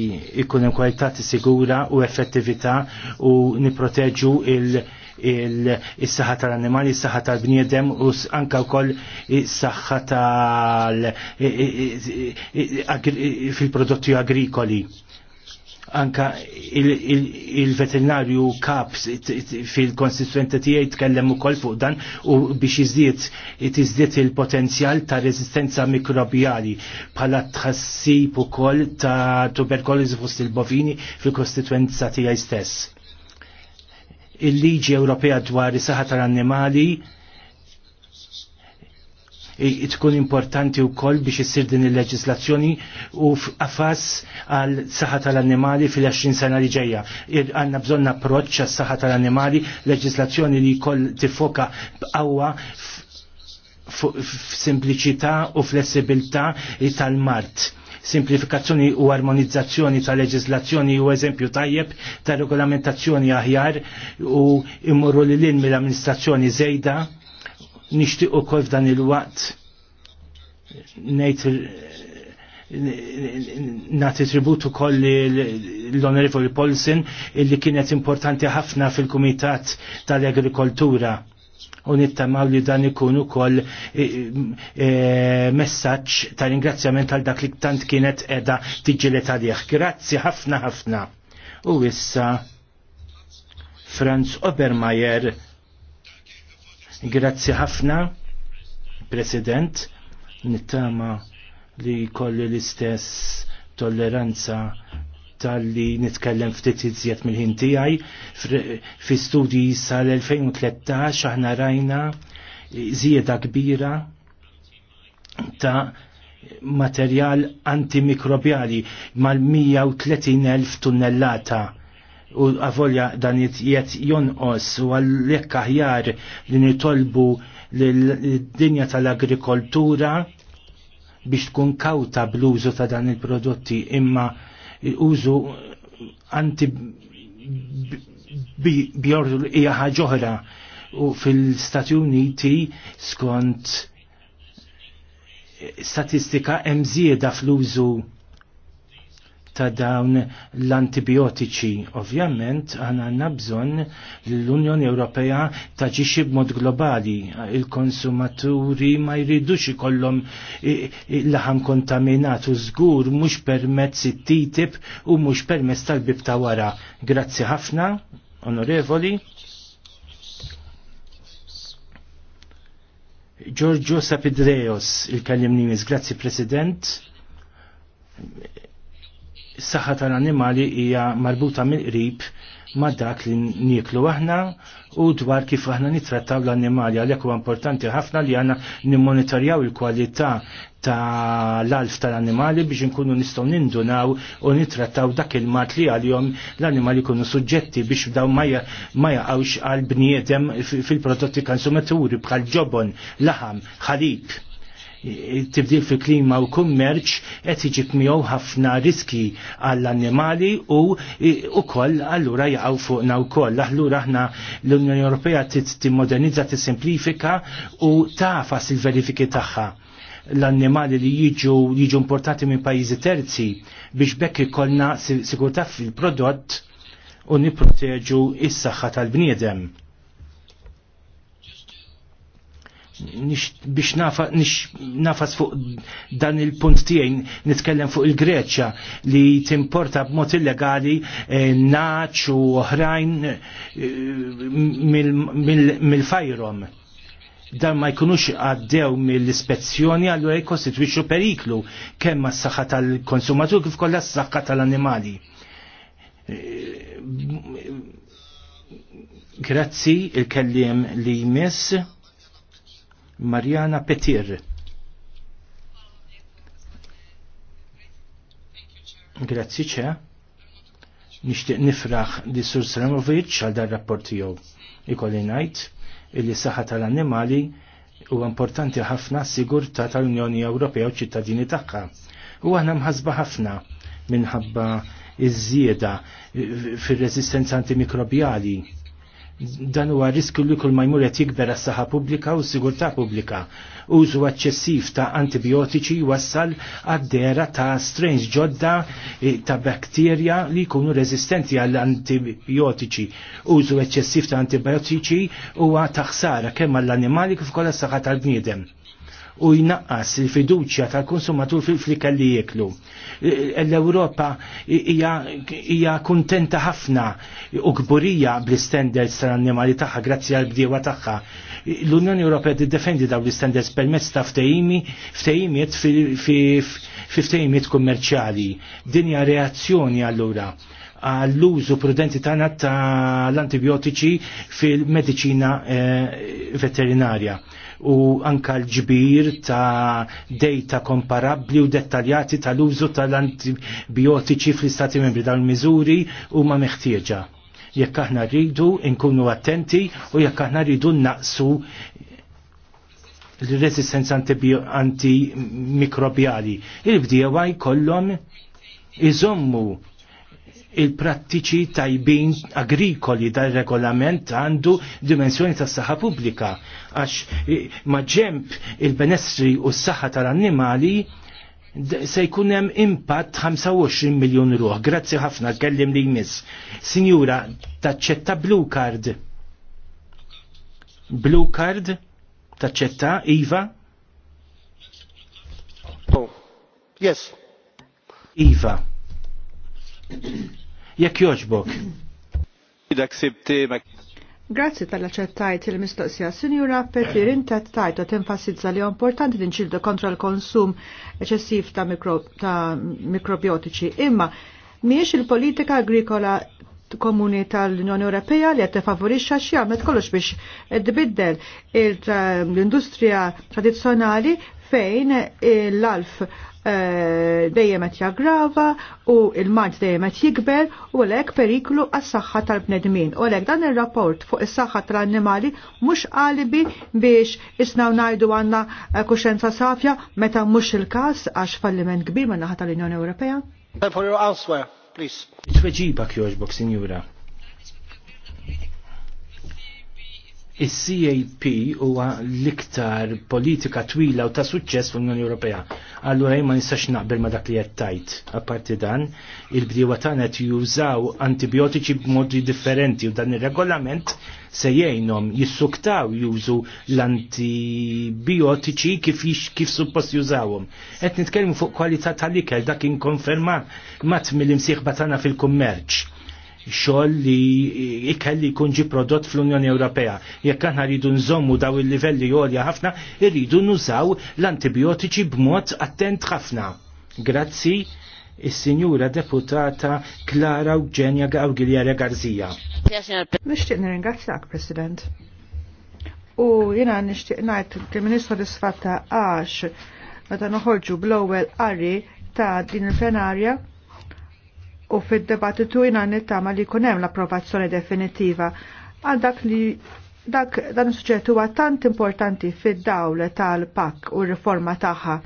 ikun kwalità sigura u effettività u niproteġu il- il-saħħa tal-annimali, il saħħa tal-bniedem u anka wkoll is-saħħa tal- fil-prodotti agrikoli anka il-veterinarju Kaps fil-konsistenza tiegħi tkellem ukoll fuq dan u biex iżdied tiżdiet il-potenzjal ta' reżistenza mikrobjali bħala tħassib ukoll ta' tuberkolożi fost il-bovini fil-kostituenza tiegħi stess il-liġi Ewropea dwar is-saħħa tal-annimali tkun importanti wkoll biex issir din il-leġislazzjoni u f'qafas għal saħħa tal-annimali fil-20 sena li ġejja. Għandna bżonn approċċ għas saħħa tal-annimali, leġislazzjoni li jkoll tifoka b'qawwa f'simpliċità u flessibilità tal-mart simplifikazzjoni u armonizzazzjoni ta' leġislazzjoni u eżempju tajjeb ta' regolamentazzjoni aħjar u immorru li lin mill-amministrazzjoni zejda u kol f'dan il-waqt ngħid nati tributu koll l-Onorevoli Polsen illi kienet importanti ħafna fil-Kumitat tal-Agrikoltura u nittamaw li dan ikun ukoll e, e, messaġġ ta' ringrazzjament għal dak li tant kienet edha tiġġilet għalih. Grazzi ħafna ħafna. U issa Franz Obermajer. Grazzi ħafna, President, nittama li kolli l-istess tolleranza tal-li nitkellem ftit iżjed mill-ħin tiegħi fi studji sal-2013 aħna rajna zieda kbira ta' materjal antimikrobjali mal-130.000 tunnellata u għavolja dan jiet jonqos u għallek aħjar li nitolbu l-dinja tal-agrikoltura biex tkun kawta bl-użu ta' dan il-prodotti imma użu anti bjordu hija ħaġa u fil-Stati Uniti skont statistika emżieda fl-użu ta' dawn l-antibiotiċi. Ovvjament, għana nabżon l-Unjoni Ewropea taġiċi b'mod globali. Il-konsumaturi ma jridux ikollhom laħam kontaminatu u żgur mhux permezz it-titib u mhux permezz tal-bib ta' wara. Grazzi ħafna, onorevoli. Giorgio Sapidreos, il-kallimni grazzi President s-saħħa tal-annimali hija marbuta mill-qrib ma' dak li nieklu aħna u dwar kif aħna nittrattaw l-annimali għalhekk huwa importanti ħafna li għandna nimmonitorjaw il-kwalità tal-alf tal-annimali biex inkunu nistgħu nindunaw u nittrattaw dak il-mat li għalihom l-annimali jkunu suġġetti biex daw ma jaqgħux għal bniedem fil-prodotti konsumaturi bħal ġobon, laħam, ħalib tibdil fil-klima u kummerċ qed iġib miegħu ħafna riski għall-annimali u ukoll allura jaqgħu fuqna wkoll. Allura aħna l-Unjoni Ewropea timmodernizza tissimplifika u tafas il-verifiki tagħha l-annimali li jiġu jiġu importati minn pajjiżi terzi biex bekk ikollna sigurtà fil-prodott u nipproteġu is-saħħa tal-bniedem. biex nafas fuq dan il-punt tiegħi nitkellem fuq il-Greċja li timporta b'mod illegali naċ u oħrajn mill-fajrom. Dan ma jkunux għaddew mill-ispezzjoni għallu jkostitwixxu periklu kemm ma s-saħħa tal-konsumatur kif kollha s-saħħa tal-annimali. Grazzi il-kellim li jmiss. Marjana Petir. Grazzi ċe. Nishtiq nifraħ li Sur Sramovic għal dar rapport tiegħu. Ikolli ngħid illi saħħa tal-annimali huwa importanti ħafna s-sigurtà tal-Unjoni Ewropea u ċittadini tagħha. U aħna mħasba ħafna minħabba iż-żieda fir-reżistenza antimikrobjali dan huwa riskju li kull ma jmur qed jikber għas-saħħa pubblika u s-sigurtà pubblika. Użu eċċessiv ta' antibiotiċi wassal għad ta' strains ġodda eh, ta' bakterja li jkunu rezistenti għall antibiotiċi Użu eċċessiv ta' antibiotiċi huwa ta' ħsara kemm għall-annimali kif kollha s-saħħa tal-bniedem u jnaqqas il-fiduċja tal-konsumatur fil-flika li jeklu. E, L-Europa hija kuntenta ħafna u kburija bl-standards tal-annimali tagħha grazzi għal bdiewa tagħha. L-Unjoni Ewropea tiddefendi dawn l-standards permezz ta' ftehimi ftehimiet ftehimiet kummerċjali. Din hija reazzjoni allura għall-użu prudenti tagħna tal-antibiotiċi fil-mediċina eh, veterinarja u anka l-ġbir ta' data komparabli u dettaljati tal-użu tal-antibiotiċi fl-istati membri dal-miżuri u ma meħtieġa. Jekk aħna rridu nkunu attenti u jekk aħna rridu naqsu l-resistenza antimikrobjali. il bdiewaj jkollhom iżommu il-prattiċi tajbin agrikoli dal-regolament għandu dimensjoni tas saħħa pubblika għax maġemp il-benessri u s-saħħa tal-annimali se jkun hemm impatt 25 miljun ruħ. Grazzi ħafna kellim li jmiss. Sinjura, taċċetta blue card. Blue card? Taċċetta, Iva? Oh, yes. Iva. jekk joġbok. Grazzi tal ċettajt il-mistoqsija. Sinjura Petir, rintet tajt u tinfasizza li importanti li nċildu kontra l-konsum eċessiv ta', ta mikrobiotiċi. Imma miex il-politika agrikola komuni tal-Unjoni Ewropea li qed tefavorixxa xi għamet kollox biex tbiddel l-industrija tradizzjonali fejn l-alf eh, dejjem qed jaggrava u l mart dejjem qed jikber u għalhekk periklu għas-saħħa tal-bnedmin. U għalhekk dan ir-rapport fuq is-saħħa tal-annimali mhux qalibi biex isnaw ngħidu għandna eh, kuxenza safja meta mhux il-każ għax falliment kbir man naħa tal-Unjoni Ewropea. Please. Tweġiba Boxing signora. il-CAP huwa l-iktar politika twila u ta' suċċess fl-Unjoni Ewropea. Allura ma nistax naqbel ma dak li qed tajt. Apparti dan, il-bdiewa tagħna qed jużaw antibiotiċi b'modi differenti u dan ir-regolament se jgħinhom jissuktaw jużu l-antibiotiċi kif kif suppost jużawhom. Qed nitkellmu fuq kwalità tal-ikel dak inkonferma mat mill-imsieħba tagħna fil-kummerċ xogħol li ikelli jkun ġi prodott fl-Unjoni Ewropea. Jekk aħna rridu nżommu daw il-livelli għolja ħafna, rridu nużaw l-antibiotiċi b'mod attent ħafna. Grazzi il sinjura Deputata Klara Eugenia Gawgiljera Garzija. Nixtieq nirringrazzjak, President. U jiena nixtieq ngħid ministru sodisfatta għax meta noħorġu bl-ewwel qari ta' din il-plenarja u fid-debattitu jina nittama li kunem l-approvazzjoni definitiva għal dak li dak dan suġġett huwa tant importanti fid-dawl tal-pak u riforma tagħha.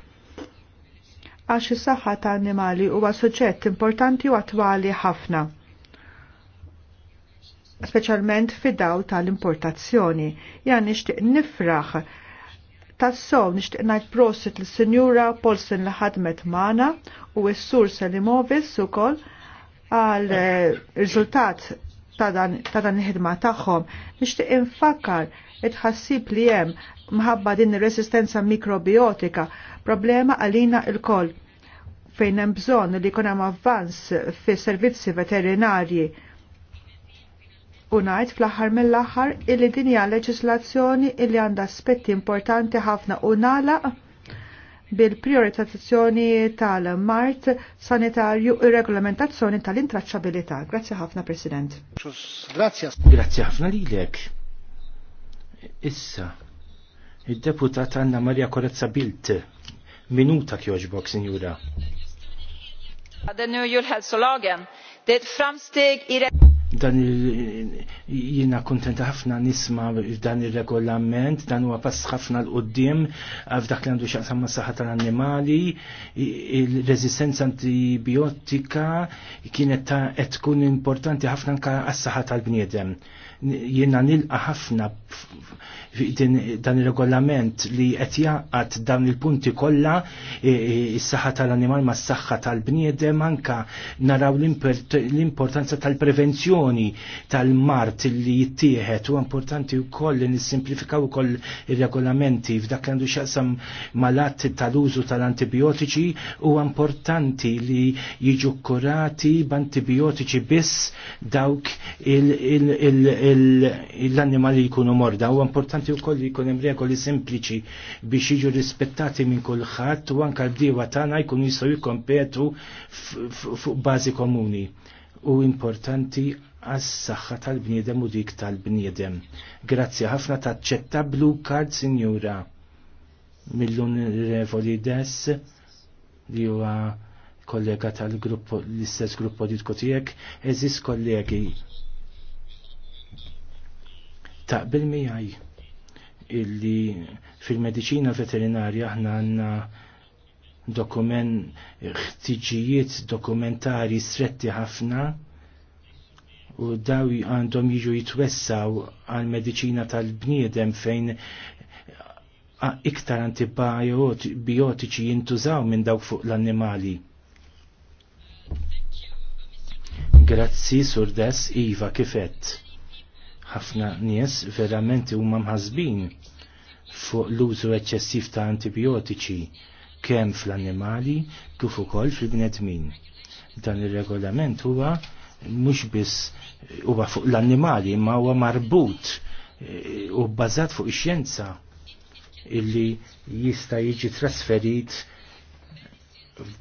Għax is-saħħa ta' annimali huwa suġġett importanti u attwali ħafna. Speċjalment fid-dawl tal-importazzjoni. Jan nixtieq nifraħ sow nixtieq ngħid prosit l-Sinjura Polsen li ħadmet magħna u s-sur Selimovis ukoll għal eh, riżultat ta' dan il-ħidma tagħhom. Nixtieq infakkar it-ħassib li hemm mħabba din ir-resistenza mikrobiotika, problema għalina il koll fejn hemm bżonn li jkun hemm avvans fis-servizzi veterinarji u ngħid fl-aħħar mill-aħħar illi din hija leġislazzjoni illi għandha aspetti importanti ħafna u nagħlaq bil-prioritizzazzjoni tal-mart sanitarju u regolamentazzjoni tal-intraċċabilità. Grazie ħafna, President. Grazie Grazie ħafna lilek. Issa, il-deputat Anna Maria Korezza Bilt, minuta kjoġbok, Signora. Den nu julhälsolagen, det är ett framsteg i dan jina kontenta ħafna nisma dan il-regolament, dan huwa pass ħafna l-qoddim, għaf dak li għandu xaqsam ma saħħa tal-annimali, il-rezistenza antibiotika kienet ta' tkun importanti ħafna anka għas-saħħa tal-bniedem. Jina nilqa ħafna dan il-regolament li qed jaqgħad dan il-punti kollha is-saħħa tal-animal ma' s-saħħa tal-bniedem anka naraw l-importanza tal-prevenzjoni tal-mart li jittieħed u importanti wkoll li nissimplifikaw ukoll ir-regolamenti f'dak li għandu x'jaqsam malat tal-użu tal-antibiotiċi u importanti li jiġu kurati b'antibiotiċi biss dawk l-annimali jkunu morda u importanti importanti u li jkun hemm regoli sempliċi biex jiġu rispettati minn kulħadd u anke l-bdiewa tagħna jkun jistgħu jikkompetu fuq bażi komuni u importanti għas saħħa tal-bniedem u dik tal-bniedem. Grazzi ħafna taċċetta blue card sinjura mill Revoli Dess li huwa kollega tal-grupp l-istess grupp politiku tiegħek, eżis kollegi. Taqbil mijaj illi fil-medicina veterinarja aħna għanna dokument, ħtiġijiet dokumentari stretti ħafna u daw għandhom jiġu jitwessaw għal medicina tal-bniedem fejn iktar antibiotiċi jintużaw minn dawk fuq l-annimali. Grazzi, surdes, Iva, kifett ħafna nies verament huma mħasbin fuq l-użu eċċessiv ta' antibiotiċi kemm fl-annimali kif ukoll fil-bnedmin. Dan ir-regolament huwa mhux biss huwa fuq l-annimali imma huwa marbut eh, u bbażat fuq ix-xjenza illi jista' jiġi trasferit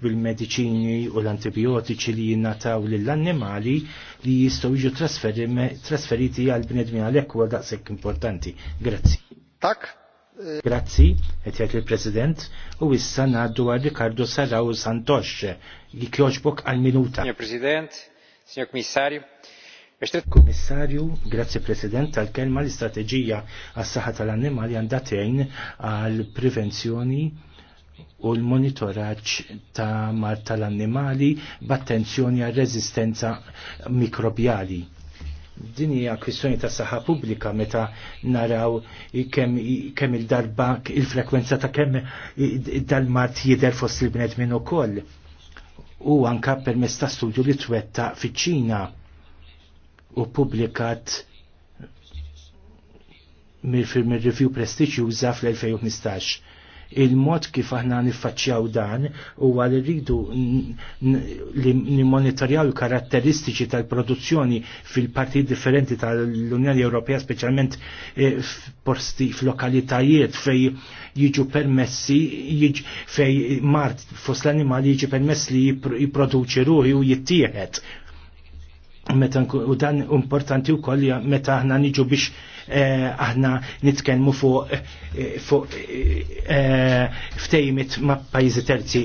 bil medicini u l-antibiotiċi li jinnataw lill-annimali li jistgħu jiġu trasferiti għal bnedmin għalhekk huwa daqshekk importanti. Grazzi. Tak. Grazzi, qed jgħid il-President, u issa ngħaddu għal Ricardo Saraw Santosh li kjoġbok għal minuta. Signor President, Signor Kommissarju, Komissarju, grazzi President, tal-kelma l-istrateġija għas-saħħa tal-annimali għandha għal prevenzjoni u l-monitoraċ ta' mar tal-annimali b'attenzjoni għal rezistenza mikrobjali. Din hija kwistjoni ta' saħħa pubblika meta naraw kemm il-darba il-frekwenza ta' kemm dal-mart jidher fost il minn ukoll. U anka permezz ta' studju li twetta fiċ-Ċina u publikat mill-review prestiġjuża fl-2015 il-mod kif aħna niffaċċjaw dan huwa għal rridu nimonitorjaw karatteristiċi tal-produzzjoni fil-parti differenti tal-Unjoni Ewropea, speċjalment eh, posti f'lokalitajiet fej jiġu permessi, fej mart fost l-animali jiġi permess li jiproduċi ruħi u jittieħed meta u dan importanti u koll meta aħna niġu biex eh, aħna nitkellmu fuq eh, fuq eh, ftejmit ma' pajjiżi terzi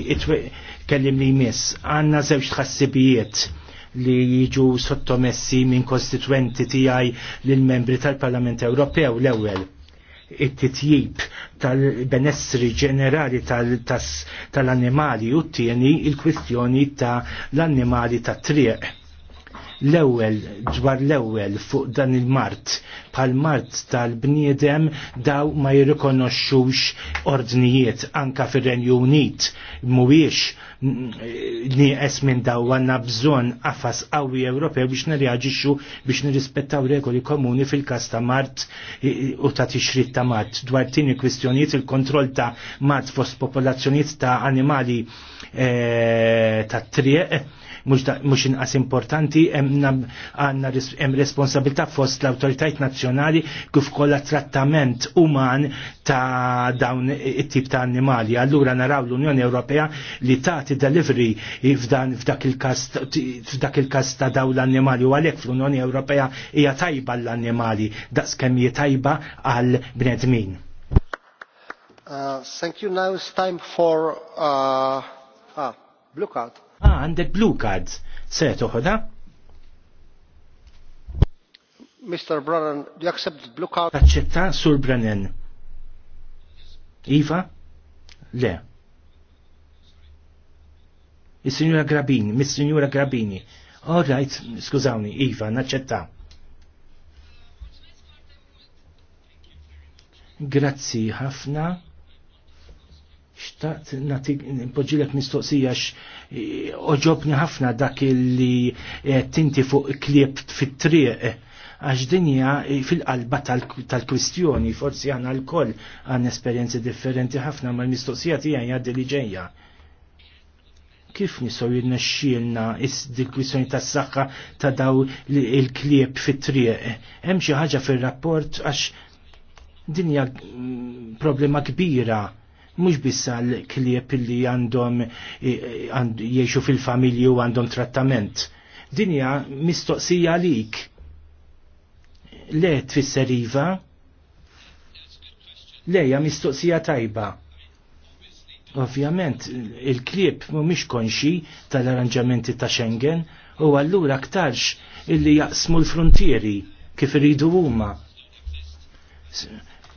kellim li jmiss għanna żewġ tħassibijiet li jiġu sottomessi minn konstituenti tiegħi lil membri tal-Parlament Ewropew l-ewwel it-titjib tal-benessri ġenerali tal-animali u t-tieni il-kwistjoni ta' l-animali ta' triq l-ewwel dwar l-ewwel fuq dan il-Mart bħal Mart tal-bniedem daw ma jirrikonoxxux ordnijiet anka fir-Renju Unit mhuwiex mm, nieqes minn daw għandna bżonn qafas qawwi Ewropew biex nirreaġixxu biex nirrispettaw regoli komuni fil-każ ta' Mart u ta' tixrid ta' Mart dwar tieni kwistjonijiet il-kontroll ta' Mart fost popolazzjonijiet ta' animali eh, ta' triq mhux inqas importanti għandna hemm responsabilità fost l-awtoritajiet nazzjonali kif kollha trattament uman ta' dawn it-tip ta' annimali. Allura naraw l-Unjoni Ewropea li tagħti delivery f'dak il-każ ta' dawn l-annimali u għalhekk fl-Unjoni Ewropea hija tajba l-annimali daqskemm jitajba għal bnedmin. Uh, thank you. Now it's time for uh, ah, blue card. Ah, għandek blue cards. Se toħoda? Mr. Brennan, do you accept the blue card? Taċċetta, Sur Brennan. Iva? Le. is signora Grabini, Miss signora Grabini. All right, skużawni, Iva, naċċetta. Grazzi ħafna xtaqt nipoġilek mistoqsija oġobni ħafna dak li eh, tinti fuq klieb fit-triq għax dinja eh, fil-qalba tal-kwistjoni, forsi għana l-koll għan esperienzi differenti ħafna ma l-mistoqsija tijan jaddi li ġeja. Kif nisow jirnexxielna il kwistjoni tas saħħa ta' daw il-klieb fit-triq? Hemm xi ħaġa fir-rapport għax dinja mm, problema kbira mhux biss l klieb li għandhom jgħixu e, e, fil-familji u għandhom trattament. Dinja mistoqsija għalik. Le tfisser iva? Leja mistoqsija tajba. Ovvjament, il-klieb mhumiex konxi tal-arranġamenti ta' Schengen u allura aktarx illi jaqsmu l-frontieri kif iridu huma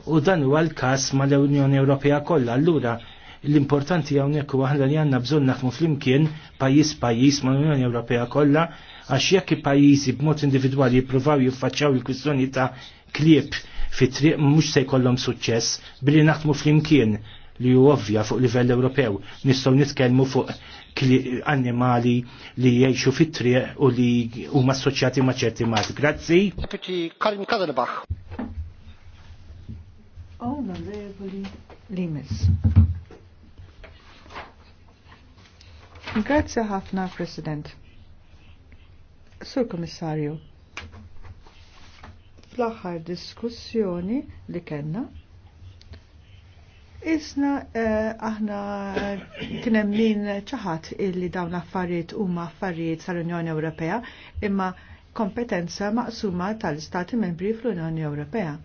u dan huwa l-każ mal-Unjoni Ewropea kollha. Allura l-importanti hawnhekk huwa aħna li għandna bżonn naħmu flimkien pajjiż pajjiż mal-Unjoni Ewropea kollha għax jekk pajjiżi b'mod individwali jippruvaw jiffaċċjaw il-kwistjoni ta' klieb fit-triq mhux se jkollhom suċċess billi naħdmu flimkien li ju ovvja fuq livell Ewropew. Nistgħu nitkellmu fuq annimali li jgħixu fit-triq u li huma assoċjati ma' ċerti mal. Grazzi. Kalim Kadenbach. Onorevoli Limes. Grazie ħafna, President. Sur Komissarju, fl-aħħar diskussjoni li kellna, isna eh, aħna kien hemm min ċaħat illi dawn affarijiet huma affarijiet tal-Unjoni Ewropea imma kompetenza maqsuma tal istati membri fl-Unjoni Ewropea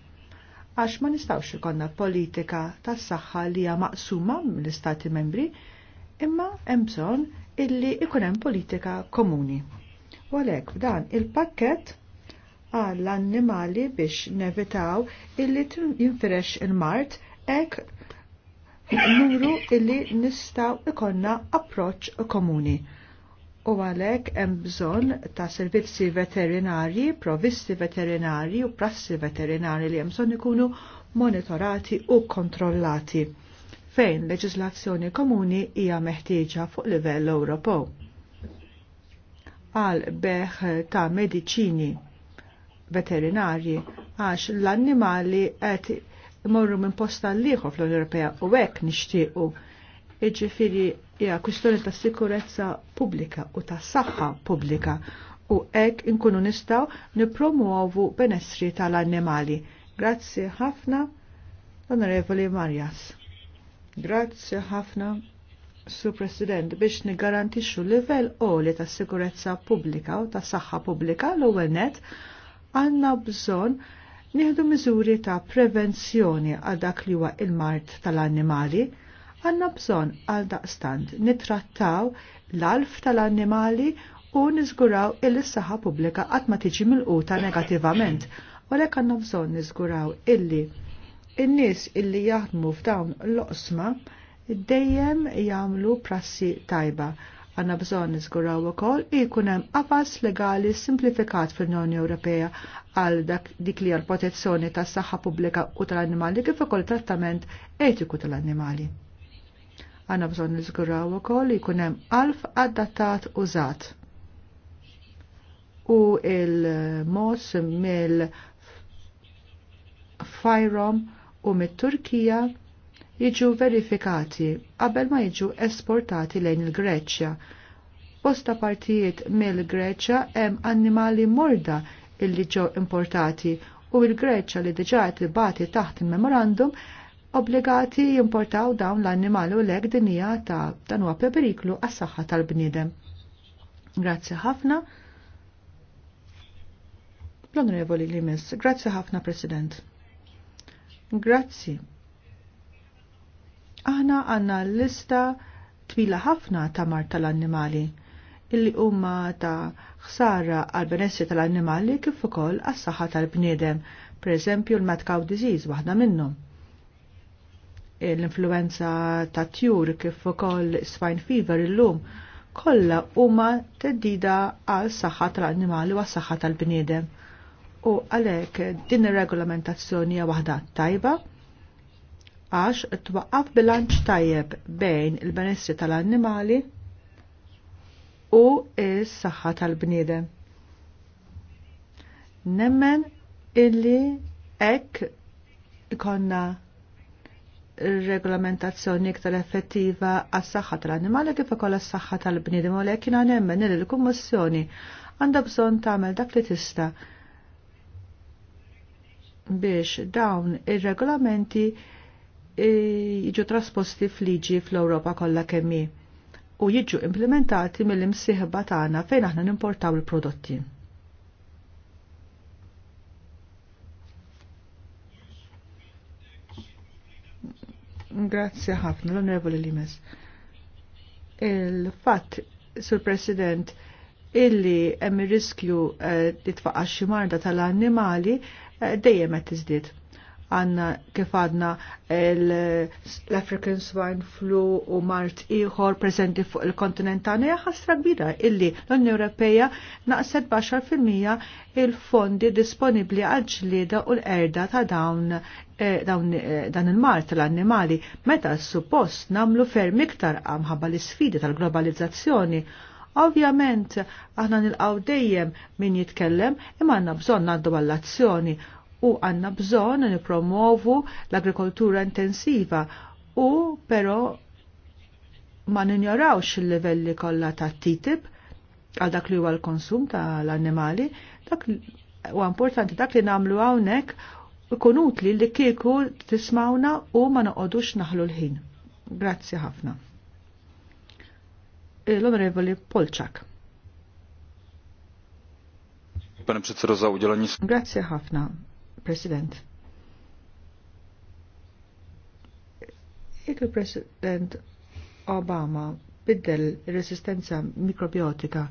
għax ma nistawx ikonna politika tas saħħa li hija maqsuma mill-Istati membri, imma hemm bżonn illi ikun hemm politika komuni. Walek, dan f'dan il-pakkett għall-annimali biex nevitaw illi jinfirex il-mart ek nuru illi nistaw ikonna approċ komuni u għalek hemm bżonn ta' servizzi veterinari, provvisti veterinari u prassi veterinari li hemm bżonn ikunu monitorati u kontrollati fejn leġislazzjoni komuni hija meħtieġa fuq livell Ewropew. Għal beħ ta' mediċini veterinarji għax l-annimali qed imorru minn posta l-liħu fl-Ewropea u hekk nixtiequ. Iġifieri hija kwistjoni ta' sikurezza pubblika u ta' saħħa pubblika u hekk inkunu nistgħu nippromuovu benessri tal-annimali. Grazzi ħafna, Onorevoli Marjas. Grazzi ħafna, Sur President, biex nigarantixxu livell qoli ta' sikurezza pubblika u ta' saħħa pubblika l-ewwel net għandna bżonn nieħdu miżuri ta' prevenzjoni għal dak li huwa il-mart tal-annimali Għanna bżon għal daqstant nitrattaw l-alf tal-annimali u nizguraw il-saħħa pubblika qatt ma tiġi milquta negattivament. Għalhekk għandna bżonn niżguraw illi in-nies illi jaħdmu f'dawn l osma dejjem jagħmlu prassi tajba. Għanna bżonn niżguraw ukoll ikun hemm avas legali simplifikat fil-Unjoni Ewropea għal dak dik li għal protezzjoni tas-saħħa pubblika u tal-annimali kif ukoll trattament etiku tal-annimali. Għanna bżon nizguraw u koll jkunem alf adattat użat. U il-mos mill-Fajrom u mit-Turkija jiġu verifikati qabel ma jiġu esportati lejn il-Greċja. Bosta partijiet mill-Greċja hemm annimali morda illi ġew importati u il-Greċja li diġa qed tibati taħt il-memorandum obbligati jimportaw dawn l-annimali u lek dinija ta' dan huwa periklu għas-saħħa tal-bniedem. Grazzi ħafna. L-Onorevoli Limis, grazzi ħafna President. Grazzi. Aħna għanna lista twila ħafna ta' mar tal-annimali illi huma ta' ħsara għal benessi tal-annimali kif ukoll għas-saħħa tal-bniedem, pereżempju l-mad cow disease waħda minnhom l-influenza ta' tjur kif ukoll swine fever illum kollha huma teddida għal saħħa tal-annimali u għas-saħħa tal-bniedem. U għalhekk din ir-regolamentazzjoni hija waħda tajba għax twaqqaf bilanċ tajjeb bejn il-benessri tal-annimali u s-saħħa tal-bniedem. Nemmen illi ek ikonna regolamentazzjoni iktar effettiva għas saħħa tal-annimali kif ukoll għas-saħħa tal-bniedem u lek jiena nemmen li l-Kummissjoni għandha bżonn tagħmel dak li tista' biex dawn ir-regolamenti e, jiġu trasposti fliġi fl-Ewropa kollha kemm u jiġu implementati mill-imsieħba tagħna fejn aħna nimportaw il-prodotti. Grazzi ħafna, l-Onorevoli Limes. Il-fatt, Sur President, illi hemm riskju eh, li tfaqax xi marda tal-annimali eh, dejjem qed iżdied. Għanna kif għadna l-African Swine Flu u mart ieħor preżenti fuq il-kontinent għana hija ħasra kbira illi l-Unjoni Ewropea naqset b'10% il-fondi disponibbli għal ġlieda u l-erda ta' dawn Eh, eh, dan il-mart l-annimali meta suppost namlu ferm iktar għamħabba l-sfidi tal-globalizzazzjoni. Ovvjament, aħna nilqaw dejjem min jitkellem imma għanna bżon għaddu għall-azzjoni u għanna bżon nipromovu l-agrikoltura intensiva u pero ma ninjorawx il-livelli kollha ta' TTIP għal dak li huwa l-konsum tal-annimali, dak u importanti dak li namlu hawnhekk ikun li li kieku tismawna u ma noqodux naħlu l-ħin. Grazzi ħafna. E, L-Onorevoli Polczak. Pane předsedo, za udělení. Grazie ħafna, President. Jekk president Obama biddel resistenza mikrobiotika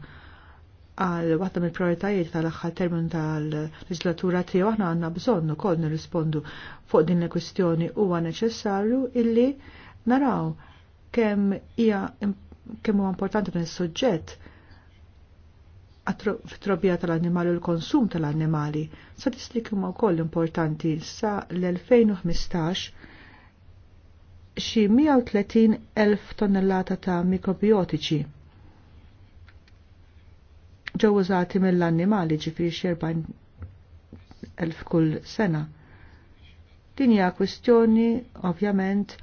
għal waħda mill prioritajiet tal-aħħar termin tal-leġislatura tiegħu aħna għandna bżonn ukoll nirrispondu fuq din il-kwistjoni huwa neċessarju illi naraw kemm hija kemm huwa importanti din is-suġġett fit-trobbija tal-annimali u l-konsum tal-annimali. Statistiki huma wkoll importanti sa l-2015 xi 130 elf tonnellata ta' mikrobiotiċi ġew użati mill-annimali ġifiri xerban elf kull sena. Din hija kwistjoni ovvjament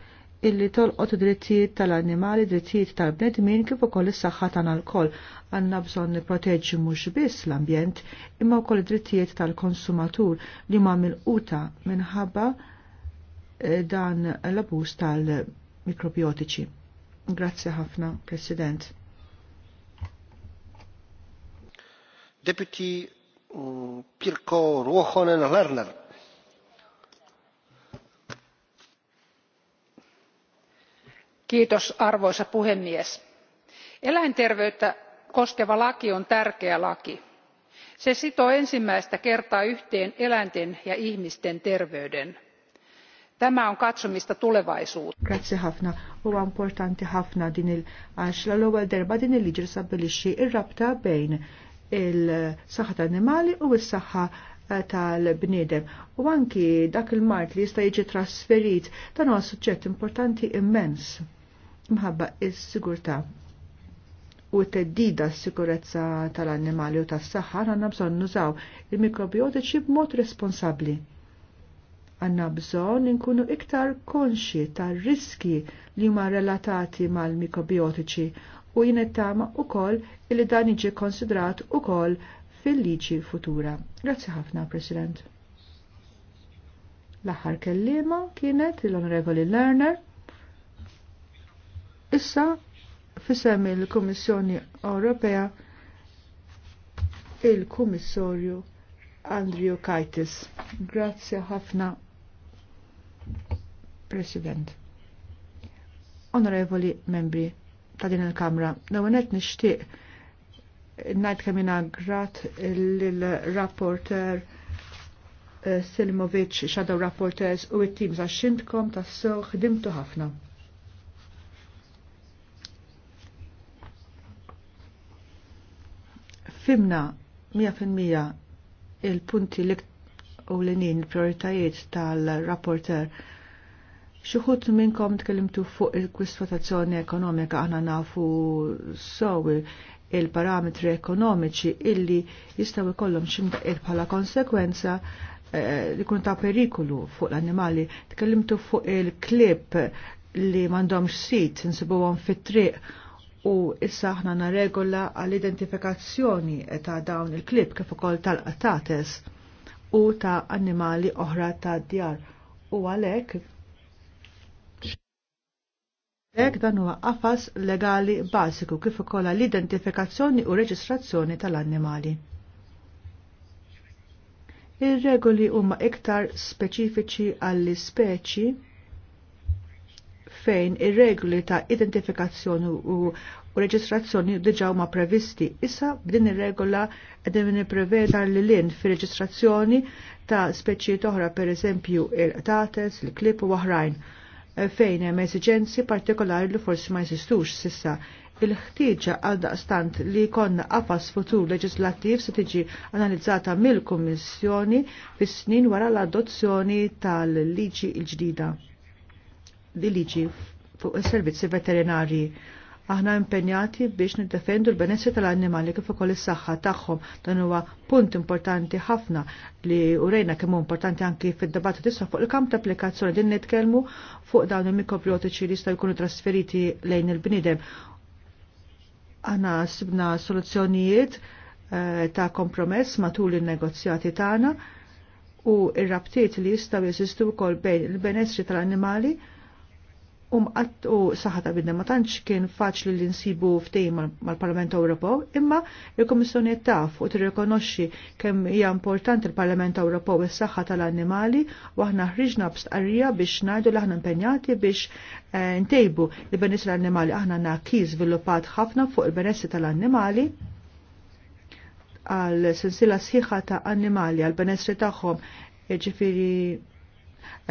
illi tolqot drittijiet tal-annimali, drittijiet tal-bnedmin kif ukoll is-saħħa tagħna lkoll. Għandna bżonn nipproteġġi mhux biss l-ambjent imma wkoll drittijiet tal-konsumatur li ma milquta minħabba eh, dan l-abuż tal-mikrobiotiċi. Grazzi ħafna, President. Deputy mm, Pirko Ruohonen Lerner. Kiitos, arvoisa puhemies eläinterveyttä koskeva laki on tärkeä laki. se sitoo ensimmäistä kertaa yhteen eläinten ja ihmisten terveyden. tämä on katsomista tulevaisuuteen. Grazie Huwa importanti din il għax l-ewwel din il-liġi rabta bejn il-saħħa tal-animali u s-saħħa eh, tal-bniedem. U anki dak il-mart li jista' jiġi trasferit dan huwa suġġett importanti immens mħabba is-sigurtà u t-teddida s-sikurezza tal-annimali u tas-saħħa għandna bżonn nużaw il-mikrobiotiċi b'mod responsabbli. Għanna bżonn inkunu iktar konxi tar-riski li huma relatati mal-mikrobiotiċi u jinettama u kol illi dan iġi konsidrat u kol fil-liġi futura. Grazzi ħafna, President. L-aħħar kellima kienet l-Onorevoli Lerner. Issa, fisem il-Kommissjoni Ewropea, il-Kummissorju Andrew Kaitis. Grazzi ħafna, President. Onorevoli membri ta' din il-Kamra. Nawenet nishtiq najt kamina grat l rapporter eh, Silmovic, shadow rapporters u it-tim za' xintkom ta' so ħdimtu ħafna. Fimna 100% il-punti li u l-inin prioritajiet tal-rapporter Xuħut minnkom tkellimtu fuq il-kwistfatazzjoni ekonomika aħna nafu sowi il-parametri ekonomiċi illi jistaw ikollhom il bħala konsekwenza eh, li kun ta' perikolu fuq l-annimali. Tkellimtu fuq il-klib li mandomx sit nsibuhom fit-triq u issa aħna na regola għall-identifikazzjoni ta' dawn il-klib kif ukoll tal-qatates u ta' annimali oħra ta' djar. U għalhekk Ek dan huwa qafas legali basiku kif ukoll l-identifikazzjoni u reġistrazzjoni tal-annimali. Ir-regoli huma iktar speċifiċi għall-speċi fejn ir-regoli ta' identifikazzjoni u, u reġistrazzjoni diġa huma previsti. Issa b'din ir-regola qegħdin nippreveda li lin fir-reġistrazzjoni ta' speċijiet oħra pereżempju il-qtates, il-klip u oħrajn fejn hemm esiġenzi partikolari li forsi ma jsistux sissa il-ħtieġa għal daqstant li konna qafas futur leġislattiv se tiġi analizzata mill-Kummissjoni fis-snin wara l-adozzjoni tal-liġi l-ġdida. Di liġi fuq is-servizzi veterinarji aħna impenjati biex niddefendu l-benessi tal-annimali kif ukoll is-saħħa tagħhom. Dan huwa punt importanti ħafna li urejna kemm importanti anki fid-dibattu tista' fuq il-kamp ta' applikazzjoni din nitkellmu fuq dawn il mikrobiotiċi li jistgħu jkunu trasferiti lejn il-bniedem. Aħna sibna soluzzjonijiet eh, ta' kompromess matul in-negozjati tagħna u ir-rabtiet li jistgħu jeżistu wkoll bejn il-benessri tal-annimali um u saħata bidna ma tantx kien faċli li nsibu ftejn mal-Parlament Ewropew, imma il kummissjoni taf u tirrikonoxxi kemm hija importanti l-Parlament Ewropew is-saħħa tal-annimali u aħna ħriġna b'stqarrija biex ngħidu li aħna impenjati biex eh, ntejbu li beness l-annimali aħna naki żviluppat ħafna fuq il-benessi tal-annimali għal sensila sħiħa ta' annimali għal benessri tagħhom ġifiri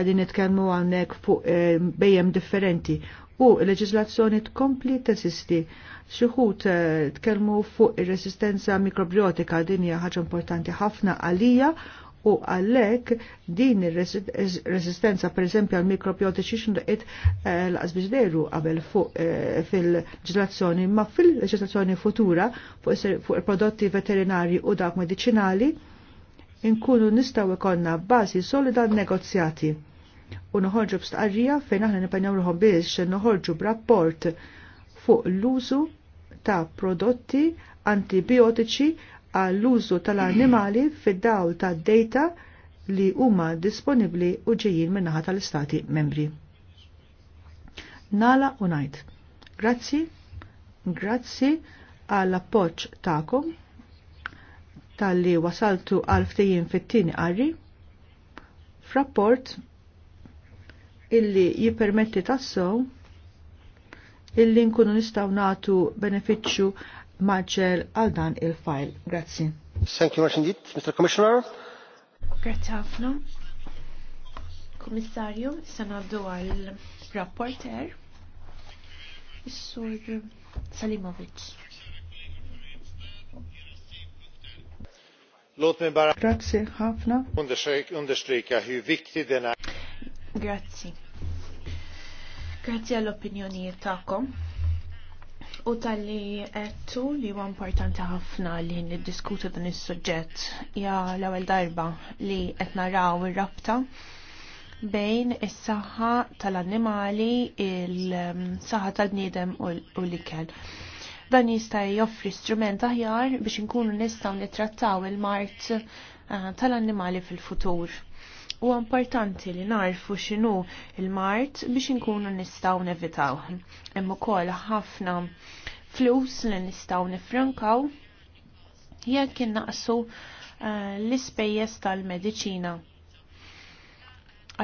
għadin nitkellmu għalnek fuq eh, bejjem differenti u l-leġislazzjoni tkompli tesisti. Xuħut e, eh, tkellmu fuq ir-resistenza mikrobiotika din hija ħaġa importanti ħafna għalija u għallek din ir-resistenza eh, per eżempju għal mikrobiotiċi xindaqit l-qasbiġ veru qabel fuq fil-leġislazzjoni ma fil-leġislazzjoni futura fuq il-prodotti veterinari u dak medicinali inkunu nistaw ikonna bażi solida negozjati u noħorġu b'stqarrija fejn aħna nipanjaw ruħom biex noħorġu b'rapport fuq l-użu ta' prodotti antibiotiċi għall-użu tal-annimali fid-dawl ta' data li huma disponibbli u ġejjin minnaħa tal-istati membri. Nala unajt, Grazzi, grazzi għall appoġġ ta'kom tal-li wasaltu għal ftejjin fit-tieni qari f'rapport illi jippermetti tassow illi nkunu nistaw natu beneficju maġġel għal dan il-fajl. Grazzi. Thank you much indeed, Mr. Commissioner. Grazzi ħafna. Komissarju, sanaddu għal rapporter, Issur Salimovic. Låt mig bara Grazie, Hafna. understryka hur viktig den är. Grazie. Grazie għall-opinjonijiet tagħkom. U tal-li għettu li huwa importanti ħafna li niddiskutu dan is-suġġett ja l-ewwel darba li qed naraw ir-rabta bejn is-saħħa tal-annimali, il-saħħa tal-bniedem u l-ikel. Dan jista' joffri strument aħjar biex inkunu nistgħu nittrattaw il-mart eh, tal-annimali fil-futur. U importanti li narfu x'inhu il-mart biex inkunu nistgħu nevitaw. Hemm ukoll ħafna flus li nistgħu nifrankaw jekk innaqsu eh, l-ispejjeż tal-mediċina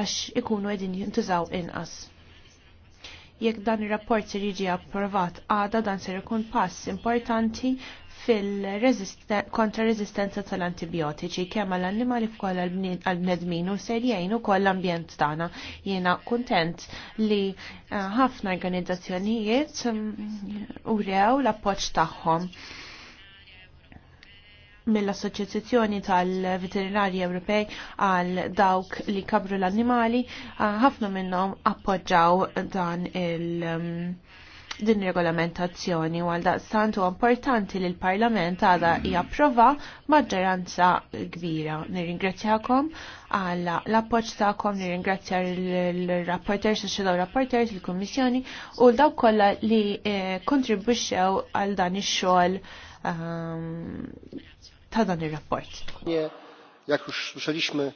għax ikunu qegħdin jintużaw inqas. Jekk dan ir-rapport se jiġi approvat għada dan ser ikun pass importanti fil-kontra rezistenza tal-antibiotiċi kemm għall-annimali fkoll għall-bnedmin u ser jgħinu koll l-ambjent tagħna. Jiena kuntent li eh, ħafna organizzazzjonijiet mm, urew l-appoġġ tagħhom mill-Assoċjazzjoni tal-Veterinari Ewropej għal dawk li kabru l-annimali, ħafna minnhom appoġġaw dan il- um, din regolamentazzjoni għal daqstant u importanti li l-Parlament għada japprova maġġoranza kbira. Nirringrazzjakom għal l-appoċ ta'kom, nirringrazzja l-rapporters, l-xedaw rapporters, l-Kommissjoni u l-daw kolla li eh, kontribuxxew għal dan ix-xogħol um, ta' dan ir-rapport. Jak już słyszeliśmy,